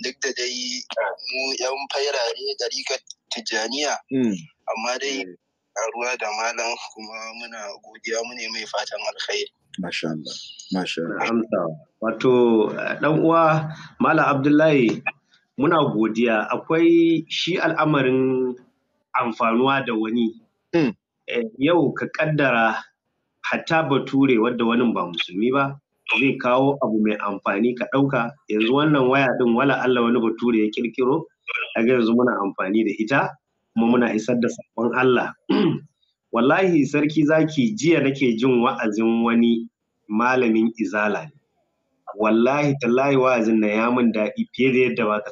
duk da dai mu yan fairare dariƙar tijjaniya hmm. amma dai eh. a ruwa da malam kuma muna godiya mu ne mai fatan alkhairi Masha Allah, Masha Allah. Wato, dan uwa, Malam Abdullahi, muna godiya akwai shi al'amarin amfanuwa da wani hmm. eh, yau ka kaddara hatta bature wadda wani ba musulmi ba zai kawo abu mai amfani ka ɗauka yanzu wannan waya ɗin wala Allah wani bature ya kirkiro a yanzu muna amfani da ita kuma muna isar da saƙon Allah wallahi sarki zaki jiya nake jin wa'azin wani malamin izala ne wallahi tallahi wa'azin na ya min daɗi fiye da yadda ba ka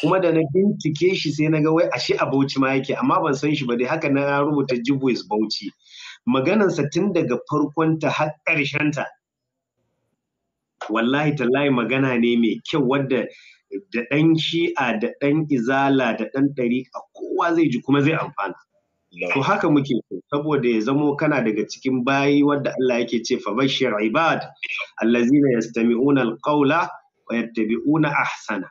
kuma da na bincike shi sai na ga wai ashe a Bauchi ma yake amma ban san shi ba dai haka na rubuta Jibois Bauchi sa tun daga farkonta har ta wallahi tallahi magana ne mai kyau wadda da ɗan shi'a da ɗan izala da ɗan a kowa zai ji kuma zai amfana to haka muke saboda ya zamo kana daga cikin bayi wadda Allah yake ce fa bashir ibad allazina yastami'una alqawla wa yattabi'una ahsana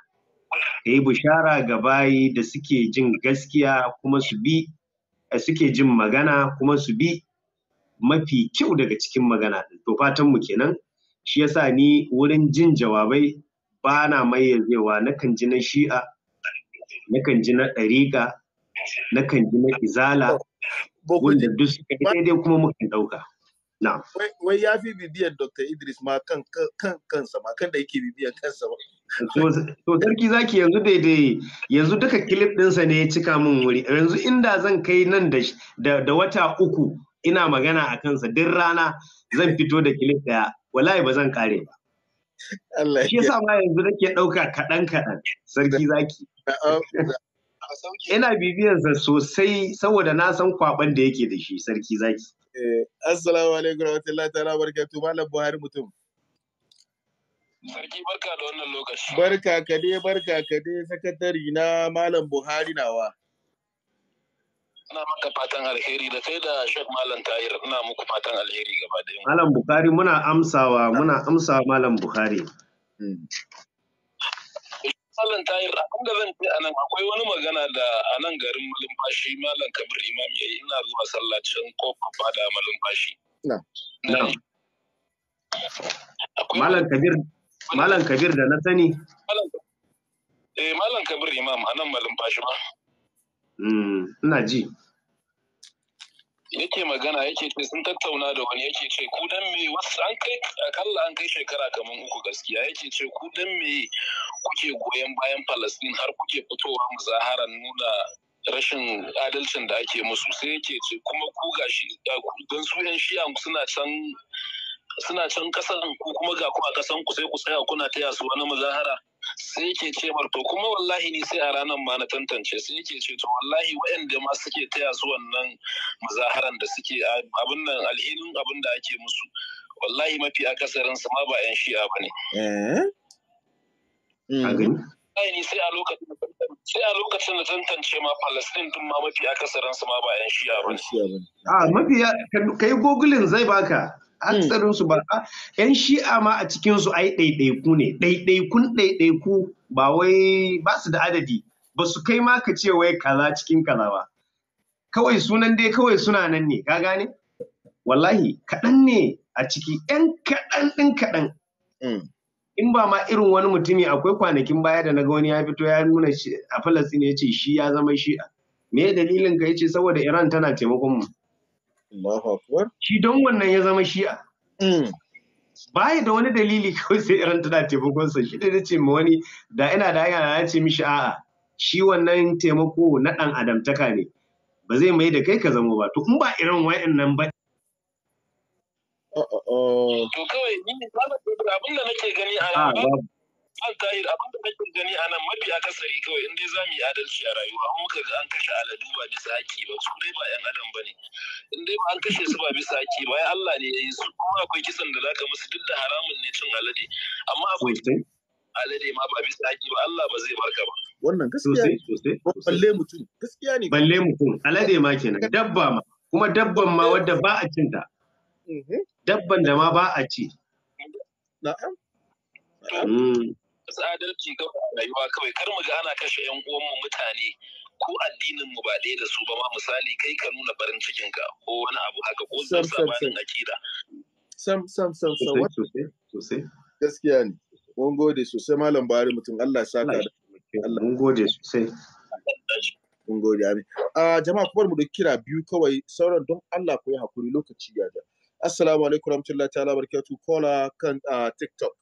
ka yi bishara ga bayi da suke jin gaskiya kuma su bi eh, suke jin magana kuma su bi mafi kyau daga cikin magana to fatan mu kenan shi yasa ni wurin jin jawabai ba na mayyazewa kan ji na shi'a na kan ji na ɗariƙa kan ji na izala wanda duk suka daidai kuma mukan ɗauka wai ya fi bibiyar Dr. Idris ma kan kansa ma kan da yake bibiyar kansa ba to sarki zaki yanzu daidai yanzu duka clip ɗinsa ne ya cika min wuri yanzu inda zan kai nan da wata uku ina magana a kansa duk rana zan fito da clip daya wallahi ba zan kare ba Allah ya sa ma yanzu nake ɗauka kaɗan kaɗan sarki zaki ina bibiyarsa sosai saboda na san kwaban da yake da shi sarki zaki Eh, assalamu alaikum warahmatullahi ta'ala barakatuh Malam Buhari mutum. Sarki barka da wannan lokaci. Barka ka dai barka ka dai sakatari na Malam Buhari nawa. Ina maka fatan alheri da kai da Sheikh Malam Tahir ina muku fatan alheri gaba da Malam Buhari muna amsawa muna amsawa Malam Buhari. Hmm. sallan ta yi ra'am da zan ce anan akwai wani magana da a nan garin malumfashi malam kabir imam ya yi ina zuwa sallacin can kofa malumfashi. Malam kabir malam kabir da na sani. Eh malam kabir imam a nan malumfashi ba. Hmm, ina ji. yake magana yake ce sun tattauna da wani yake ce ku dan me wasu an kai akalla an kai shekara kamar uku gaskiya yake ce ku dan me kuke goyon bayan Palestine har kuke fitowa muzaharan nuna rashin adalcin da ake musu sai yake ce kuma ku gashi don su yan shi'a suna can suna can kasan ku kuma ga ku a kasan ku sai ku tsaya kuna taya su wani muzahara sai yake ce to kuma wallahi ni sai a ranar ma na tantance sai yake ce to wallahi waɗanda ma suke taya su wannan muzaharan da suke abin nan alhinin abin da ake musu wallahi mafi akasarin su ma ba 'yan shi'a ba ne. Eh? ne sai a lokacin sai a lokacin da tantance ma Palestine din ma mafi akasarin su ma ba yan shi'a ah, ba a mafi kai gogulin zai baka akasarin su ba yan shi'a ma a cikin su ai ɗaiɗaiku ne ɗaiɗaikun ɗaiɗaiku ba wai ba su da adadi ba su kai ma ka ce wai kaza cikin kaza ba kawai sunan dai kawai suna nan ne ka gane wallahi kaɗan ne a ciki ‘yan kaɗan ɗin kaɗan mm. in ba ma irin wani mutumi akwai kwanakin baya da naga wani ya fito ya nuna a Falastin ya ce shi ya zama shi. me dalilin ka yace saboda Iran tana taimakon mu Allahu akbar shi don wannan ya zama shi'a mm. baya da wani dalili kawai sai Iran tana taimakon sa shi da ce ma wani da ina da hanya ya ce mishi a'a shi wannan taimako na dan adamtaka ne ba zai mai da kai ka zama ba to in ba irin wa'annan ba To kawai ni abin da nake gani a nan ah, al abin da nake gani a nan mafi akasari kawai in dai za mu yi adalci a rayuwa an muka ga an kashe aladu ba bisa haƙƙi ba su dai ba 'yan adam ba ne in dai ba an kashe su ba bisa haƙƙi ba ya Allah ne ya yi su kuma akwai kisan da zaka musu duk da haramun ne cin alade amma akwai alade ma ba bisa haƙƙi ba Allah ba zai barka ba. Wannan gaskiya ne. Balle mutum gaskiya ne. Balle mutum alade ma kenan dabba ma kuma dabban ma wadda ba a cinta. Mhm. dabban da ma ba a ci. Kasa mm. adalci ga rayuwa kawai kar mu ga ana kashe 'yan uwanmu mutane ko addinin mu ba ɗaya da su ba ma misali kai ka nuna barin cikin ka ko wani abu haka ko zan sabanin akida. Sam sam sam sam sosai gaskiya ne mun gode sosai malam bari mutum Allah ya saka da Allah mun gode sosai. Mun gode amin. Ah, jama'a kuma mu da kira biyu kawai sauran don Allah ku yi hakuri lokaci ya da. Assalamu alaikum warahmatullahi ta'ala barkatu kola kan uh, TikTok.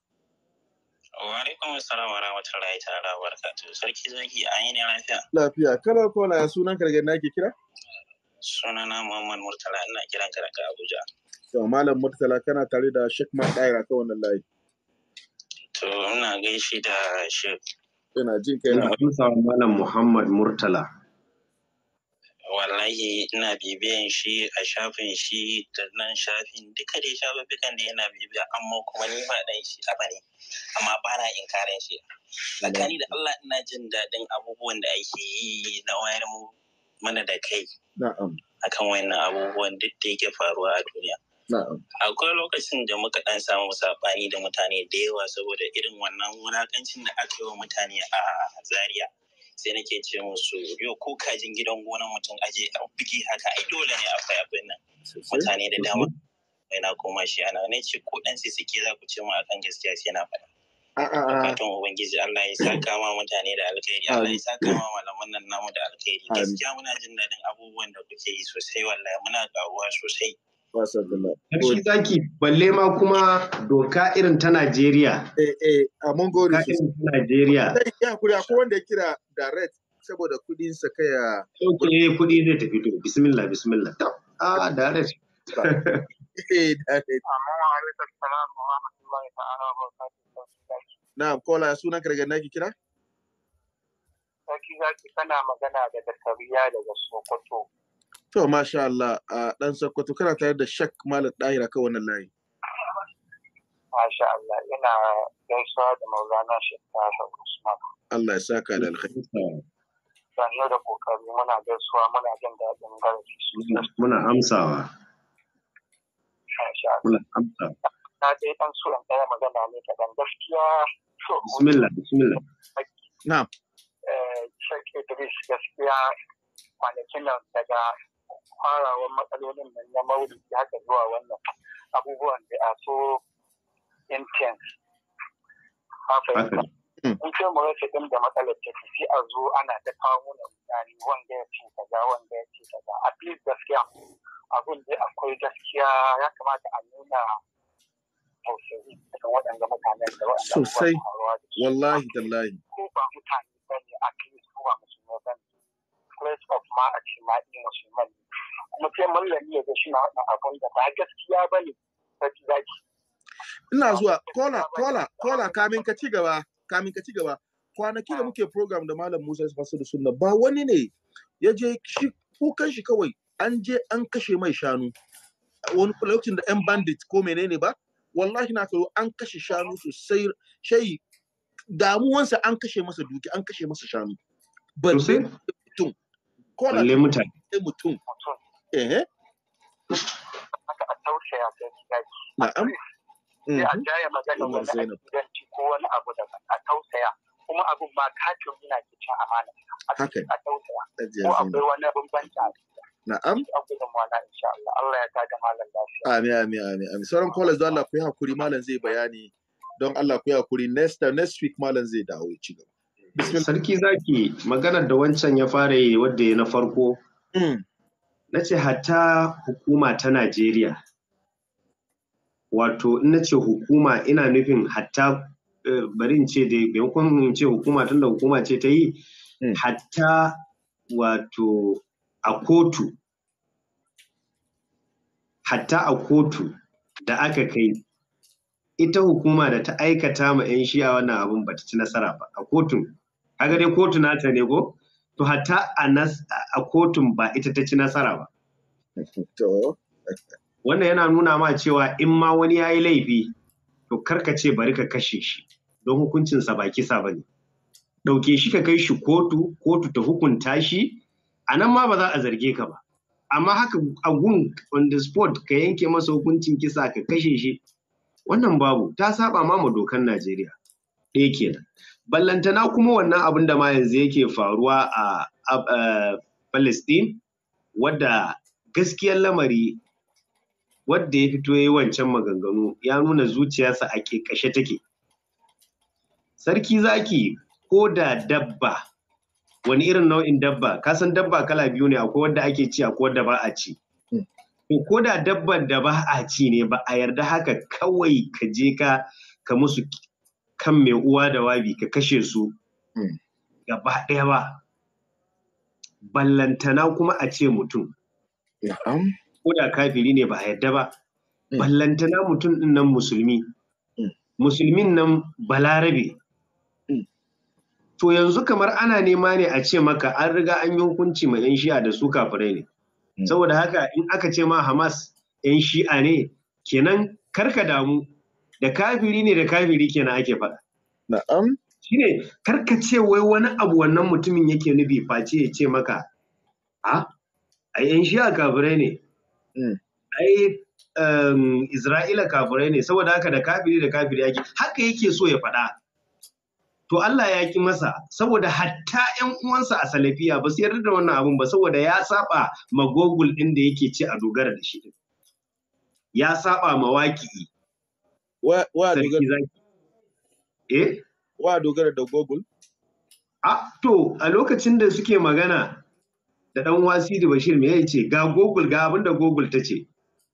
Wa alaikum assalam wa rahmatullahi ta'ala barkatu Sarki zaki a yi ne lafiya. Lafiya. Kana kola ya sunan karge na ke kira? Sunana Muhammad Murtala ina kiran ka daga Abuja. To Malam Murtala kana tare da Sheikh Mai Daira ta wannan layi. To ina gaishe da Sheikh. Ina jin kai na. Ina Malam Muhammad Murtala. yi ina bibiyan shi a shafin shi da nan shafin duka dai shafuffukan da yana bibiya amma kuma ni ma dan shi ba ne amma ba na inkarin shi tsakani da Allah ina jin daɗin abubuwan da ake yi na wayar mana da kai akan wayannan abubuwan duk da yake faruwa a duniya akwai lokacin da muka ɗan samu saɓani da mutane da yawa saboda irin wannan wulakancin da aka yi wa mutane a zaria sai nake ce musu yau ko kajin gidan gonan mutum aje a bugi haka ai dole ne a akwai abin nan mutane da dama mai na koma shi ana ne ce ko dan sai suke za ku ce mu akan gaskiya sai na faɗa bukatun ubangiji Allah ya sa kama mutane da alkhairi Allah ya sa kama malaman nan namu da alkhairi gaskiya muna jin dadin abubuwan da kuke yi sosai wallahi muna ƙaruwa sosai Ƙarshen zaki balle ma kuma doka irin ta Najeriya. Eh eh a mun irin ta Najeriya. Ya kuri a wanda ya kira direct saboda kudin sa kaya. Okay kudi zai tafi to bismillah bismillah. Ah direct. Eh direct. Assalamu alaikum salam wa rahmatullahi ta'ala wa barakatuh. Na'am kola sunan ka naki kira? Sarki zaki kana magana daga Kariya daga Sokoto. To, masha Allah, a ɗan Sokoto, kana tare da shak malam ɗahira kan wannan layi. Masha Allah, yana gaisuwa da maulana shekara Usman. Allah ya saka da alkhairi. Sannu da kokari muna gaisuwa muna jin daɗin garaji sosai. Muna amsawa. Masha Allah. Muna amsawa. Na dai ɗan so in ɗaya magana ne kaɗan gaskiya. Bismillah, bismillah. Na'am. Eh, Shek Idris gaskiya kwanakin nan daga farawan matsalolin nan na ya haka zuwa wannan abubuwan da a so intense hmm. in ce mu rasa ɗin da matsalar ta fi a zo ana ta kawo na mutane wanda ya ce ga wanda ya ce ga a least gaskiya abin da akwai gaskiya ya kamata a nuna tausayi daga waɗanda mutanen da waɗanda sosai wallahi wallahi ko ba mutane ba ne a kai su ba musulmai ba ne place of ma a ce ma musulman ne kuma sai mallami ya shi na wannan abun da ba gaskiya ba ne ta sarki zaki. ina zuwa kola kola kola kamin ka ci gaba kamin ka ci gaba kwanaki da ah. muke program da malam musa fasu da sunna ba wani ne ya je shi kukan shi kawai an je an kashe mai shanu wani lokacin da yan bandit ko menene ba wallahi na kawo an kashe shanu sosai shayi damuwansa an kashe masa duki an kashe masa shanu ba mutum ko na mutane mutum eh aka tausaya sai na'am sai a jaya mhm. magana wanda akidanci ko wani abu da a tausaya kuma abin ma kafin muna ke cin amana a tausaya ko akwai wani bambanci a Na'am. Allah ya tada malam lafiya. Amin amin amin amin. Sauran callers don Allah ku yi hakuri malam zai bayani don Allah ku hakuri next next week malam zai dawo ci gaba. Sarki zaki maganar da wancan ya fara yi wadda ya na farko. Mm. Na ce hatta hukuma ta Najeriya. Wato in na ce hukuma ina nufin hatta eh, bari in ce da maimakon in ce hukuma da hukuma ce ta yi mm. hatta wato a kotu hatta a kotu da aka kai ita hukuma da ta aikata ma 'yan a wannan abun ba ta ci nasara ba a kotun aga dai kotu nata ne ko to hatta a a kotun ba ita ta ci nasara ba to wannan yana nuna ma cewa in ma wani ya yi laifi to karka ce bari ka kashe shi don hukuncinsa ba kisa ba ne ɗauke shi ka kai shi kotu kotu ta hukunta shi a nan ma ba za a zarge ka ba amma haka a gun on the spot ka yanke masa hukuncin kisa ka kashe shi wannan babu ta saba ma ma dokan najeriya ɗaya kenan ballantana kuma wannan abin da ma yanzu yake faruwa a Palestine wadda gaskiyar lamari wadda ya fito yi wancan maganganu ya nuna zuciyarsa a ke kashe take sarki zaki ko da dabba wani irin nau'in dabba kasan dabba kala biyu ne akwai wadda ake ci akwai wadda ba a ci ko da dabban da ba a ci ne ba a yarda haka kawai ka je ka ka musu kan mai uwa da wabi ka kashe su hmm. gaba ɗaya ba ballantana kuma a ce mutum ko da kafiri ne ba a yadda ba hmm. ballantana mutum ɗin nan musulmi hmm. musulmin nan balarabe to yanzu kamar ana nema ne a ce maka an riga an yi hukunci ma 'yan shi'a da su kafirai ne saboda haka in aka ce ma hamas 'yan shi'a ne kenan karka damu da kafiri ne da kafiri kenan ake faɗa na'am shine karka ce wai wani abu wannan mutumin yake nufi face ya ce maka a a yan a kafirai ne hmm. ai um, isra'ila kafirai ne saboda haka da kafiri da kafiri yake haka yake so ya faɗa to Allah ya ki masa saboda hatta yan uwansa a salafiya ba su yarda da wannan abun ba saboda ya saba magogul ɗin da yake ce a dogara da shi ya saba waƙi'i Eh? Wa dogara da Google? A to a lokacin da suke magana da ɗan wasi da Bashir me ya ce ga Google ga abin da Google ta ce.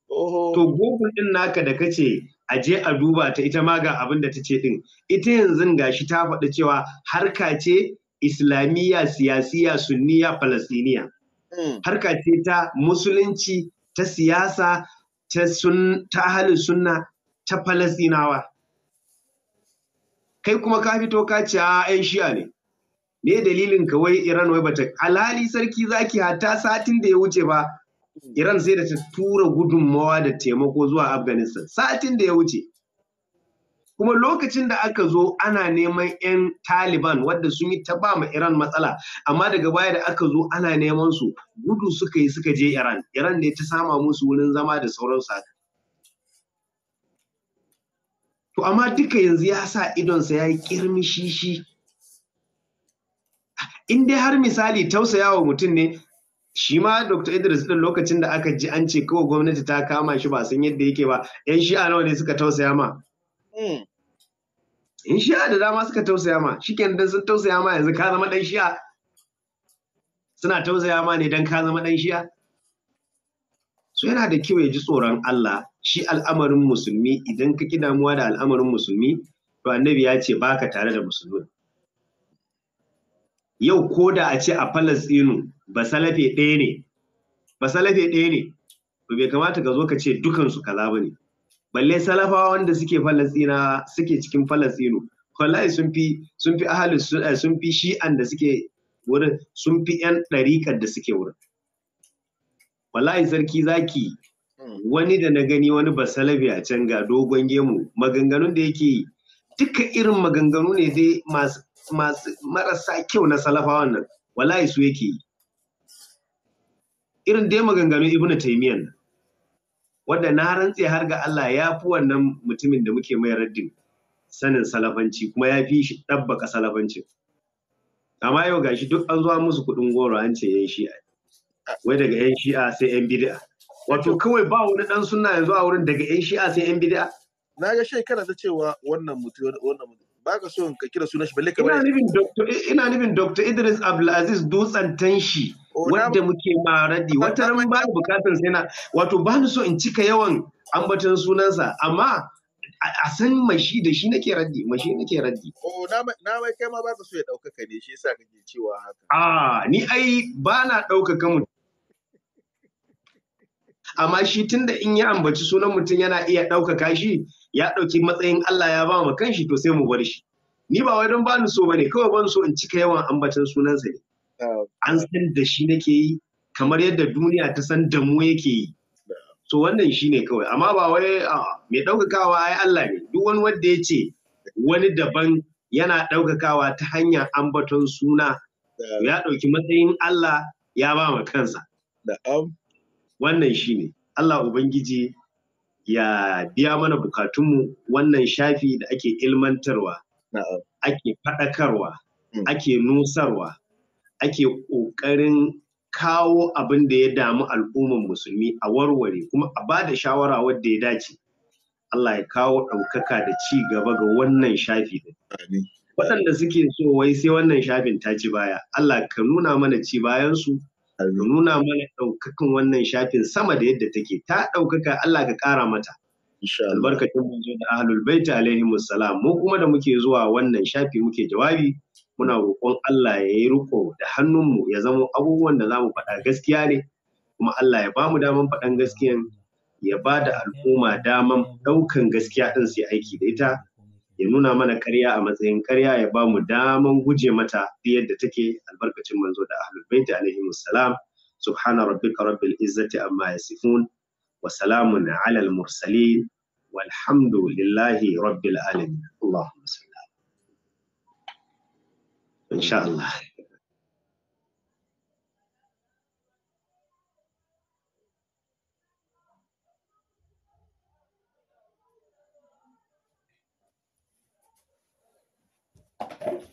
To Google ɗin naka da kace a je a duba ta ita ma ga abin da ta ce ɗin. Ita yanzu ga shi ta faɗi cewa harka ce Islamiyya, siyasiya, sunniya, falasiniya. Hmm. Harka ce ta musulunci, ta siyasa, ta sun ta halin sunna ta Falasinawa. Kai kuma ka fito ka ce a ‘yan shi'a ne, me dalilin ka wai Iran wai bata alhali sarki zaki hata satin da ya wuce ba Iran sai da ta tura gudunmawa da taimako zuwa Afghanistan satin da ya wuce. Kuma lokacin da aka zo ana neman 'yan Taliban wadda sun yi ta ma Iran matsala, amma daga baya da aka zo ana neman su gudu suka yi suka je Iran. Iran ne ta sama musu wurin zama da sauransu haka. To amma duka yanzu ya sa idonsa ya yi ƙirmishi shi. In dai har misali tausayawa mutum ne, shi ma Dr. Idris ɗin lokacin da aka ji an ce kawai gwamnati ta kama shi ba san yadda yake ba, ‘yan shi'a nawa ne suka tausaya ma. In hmm. shi'a da dama suka tausaya ma, shi dan sun tausaya ma yanzu ka zama ɗan shi'a. Suna tausaya ma ne don ka zama ɗan shi'a. So yana da kyau ya ji tsoron Allah shi al'amarin musulmi idan ka ki damuwa da al'amarin musulmi to annabi ya ce baka tare da musulmi yau ko da a ce a falastinu ba salafe ɗaya ne ba salafe ɗaya ne to bai kamata ka zo ka ce dukansu kaza ba ne balle salafawa wanda suke falastina suke cikin falastinu wallahi sun fi sun fi ahli sun fi shi'an da suke wurin sun fi yan ɗarikar da suke wurin wallahi sarki zaki wani da na gani wani basalabi a can ga dogon gemu maganganun da yake duka irin maganganu ne dai masu marasa kyau na salafawan nan wallahi su yake yi irin dai maganganun ibnu taymiyyah nan wanda na rantse har ga Allah ya fi wannan mutumin da muke mai raddin sanin salafanci kuma ya fi shi ɗabbaka salafanci amma yau gashi duk an zuwa musu kuɗin goro an ce yan shi'a wai daga yan shi'a sai yan bid'a Wato kawai ba wani ɗan suna yanzu a wurin daga 'yan shi'a sai 'yan bid'a. Na ga shekara ta cewa wannan mutum wannan mutum ba ka so ka kira sunan shi balle ka Ina nufin Dr. Idris Abdulaziz dutsen tanshi wadda muke maradi wata ramin ba ni bukatar sai na wato ba ni so in cika yawan ambaton sunansa amma a san mashi da shi nake raddi mashi nake raddi. Oh na mai kai ma ba ka so ya ɗaukaka ne shi yasa kake cewa haka. Ah ni ai ba na ɗaukaka mutum. amma shi tunda in ya ambaci sunan mutum yana iya ɗaukaka shi ya ɗauki matsayin Allah ya ba ma kanshi to sai mu bar shi ni ba wai don ba ni so bane kawai ban so in cika yawan ambatan sunansa ne an san da shi nake yi kamar yadda duniya ta san da mu yake yi so wannan shi ne kawai amma ba wai mai ɗaukakawa ai Allah ne duk wani wanda ya ce wani daban yana ɗaukakawa ta hanyar ambaton suna ya ɗauki matsayin Allah ya ba ma kansa. wannan shi ne Allah ubangiji ya biya mana bukatunmu wannan shafi da ake ilmantarwa ake faɗakarwa hmm. ake nusarwa ake ƙoƙarin kawo abin da ya damu al'umman musulmi a warware kuma a ba da shawara wadda ya dace Allah ya kawo ɗaukaka da ci gaba ga wannan shafi waɗanda suke so wai sai wannan shafin ta ci baya Allah ka nuna mana ci bayansu nuna mana ɗaukakan wannan shafin sama da yadda take ta ɗaukaka Allah ka ƙara mata albarkacin manzo da ahlul baiti alaihi musallam mu kuma da muke zuwa wannan shafi muke jawabi muna roƙon Allah ya yi riko da hannunmu ya zama abubuwan da zamu faɗa gaskiya ne kuma Allah ya ba mu daman faɗan gaskiyan ya ba da al'umma daman ɗaukan gaskiya ɗin su aiki da ita ya nuna mana karya a matsayin karya ya ba mu daman guje mata yadda take albarkacin manzo da ahlul baiti alaihi wassalam subhana rabbika rabbil izzati amma yasifun wa salamun alal mursalin walhamdulillahi rabbil alamin allahumma salli insha Allah Thank you.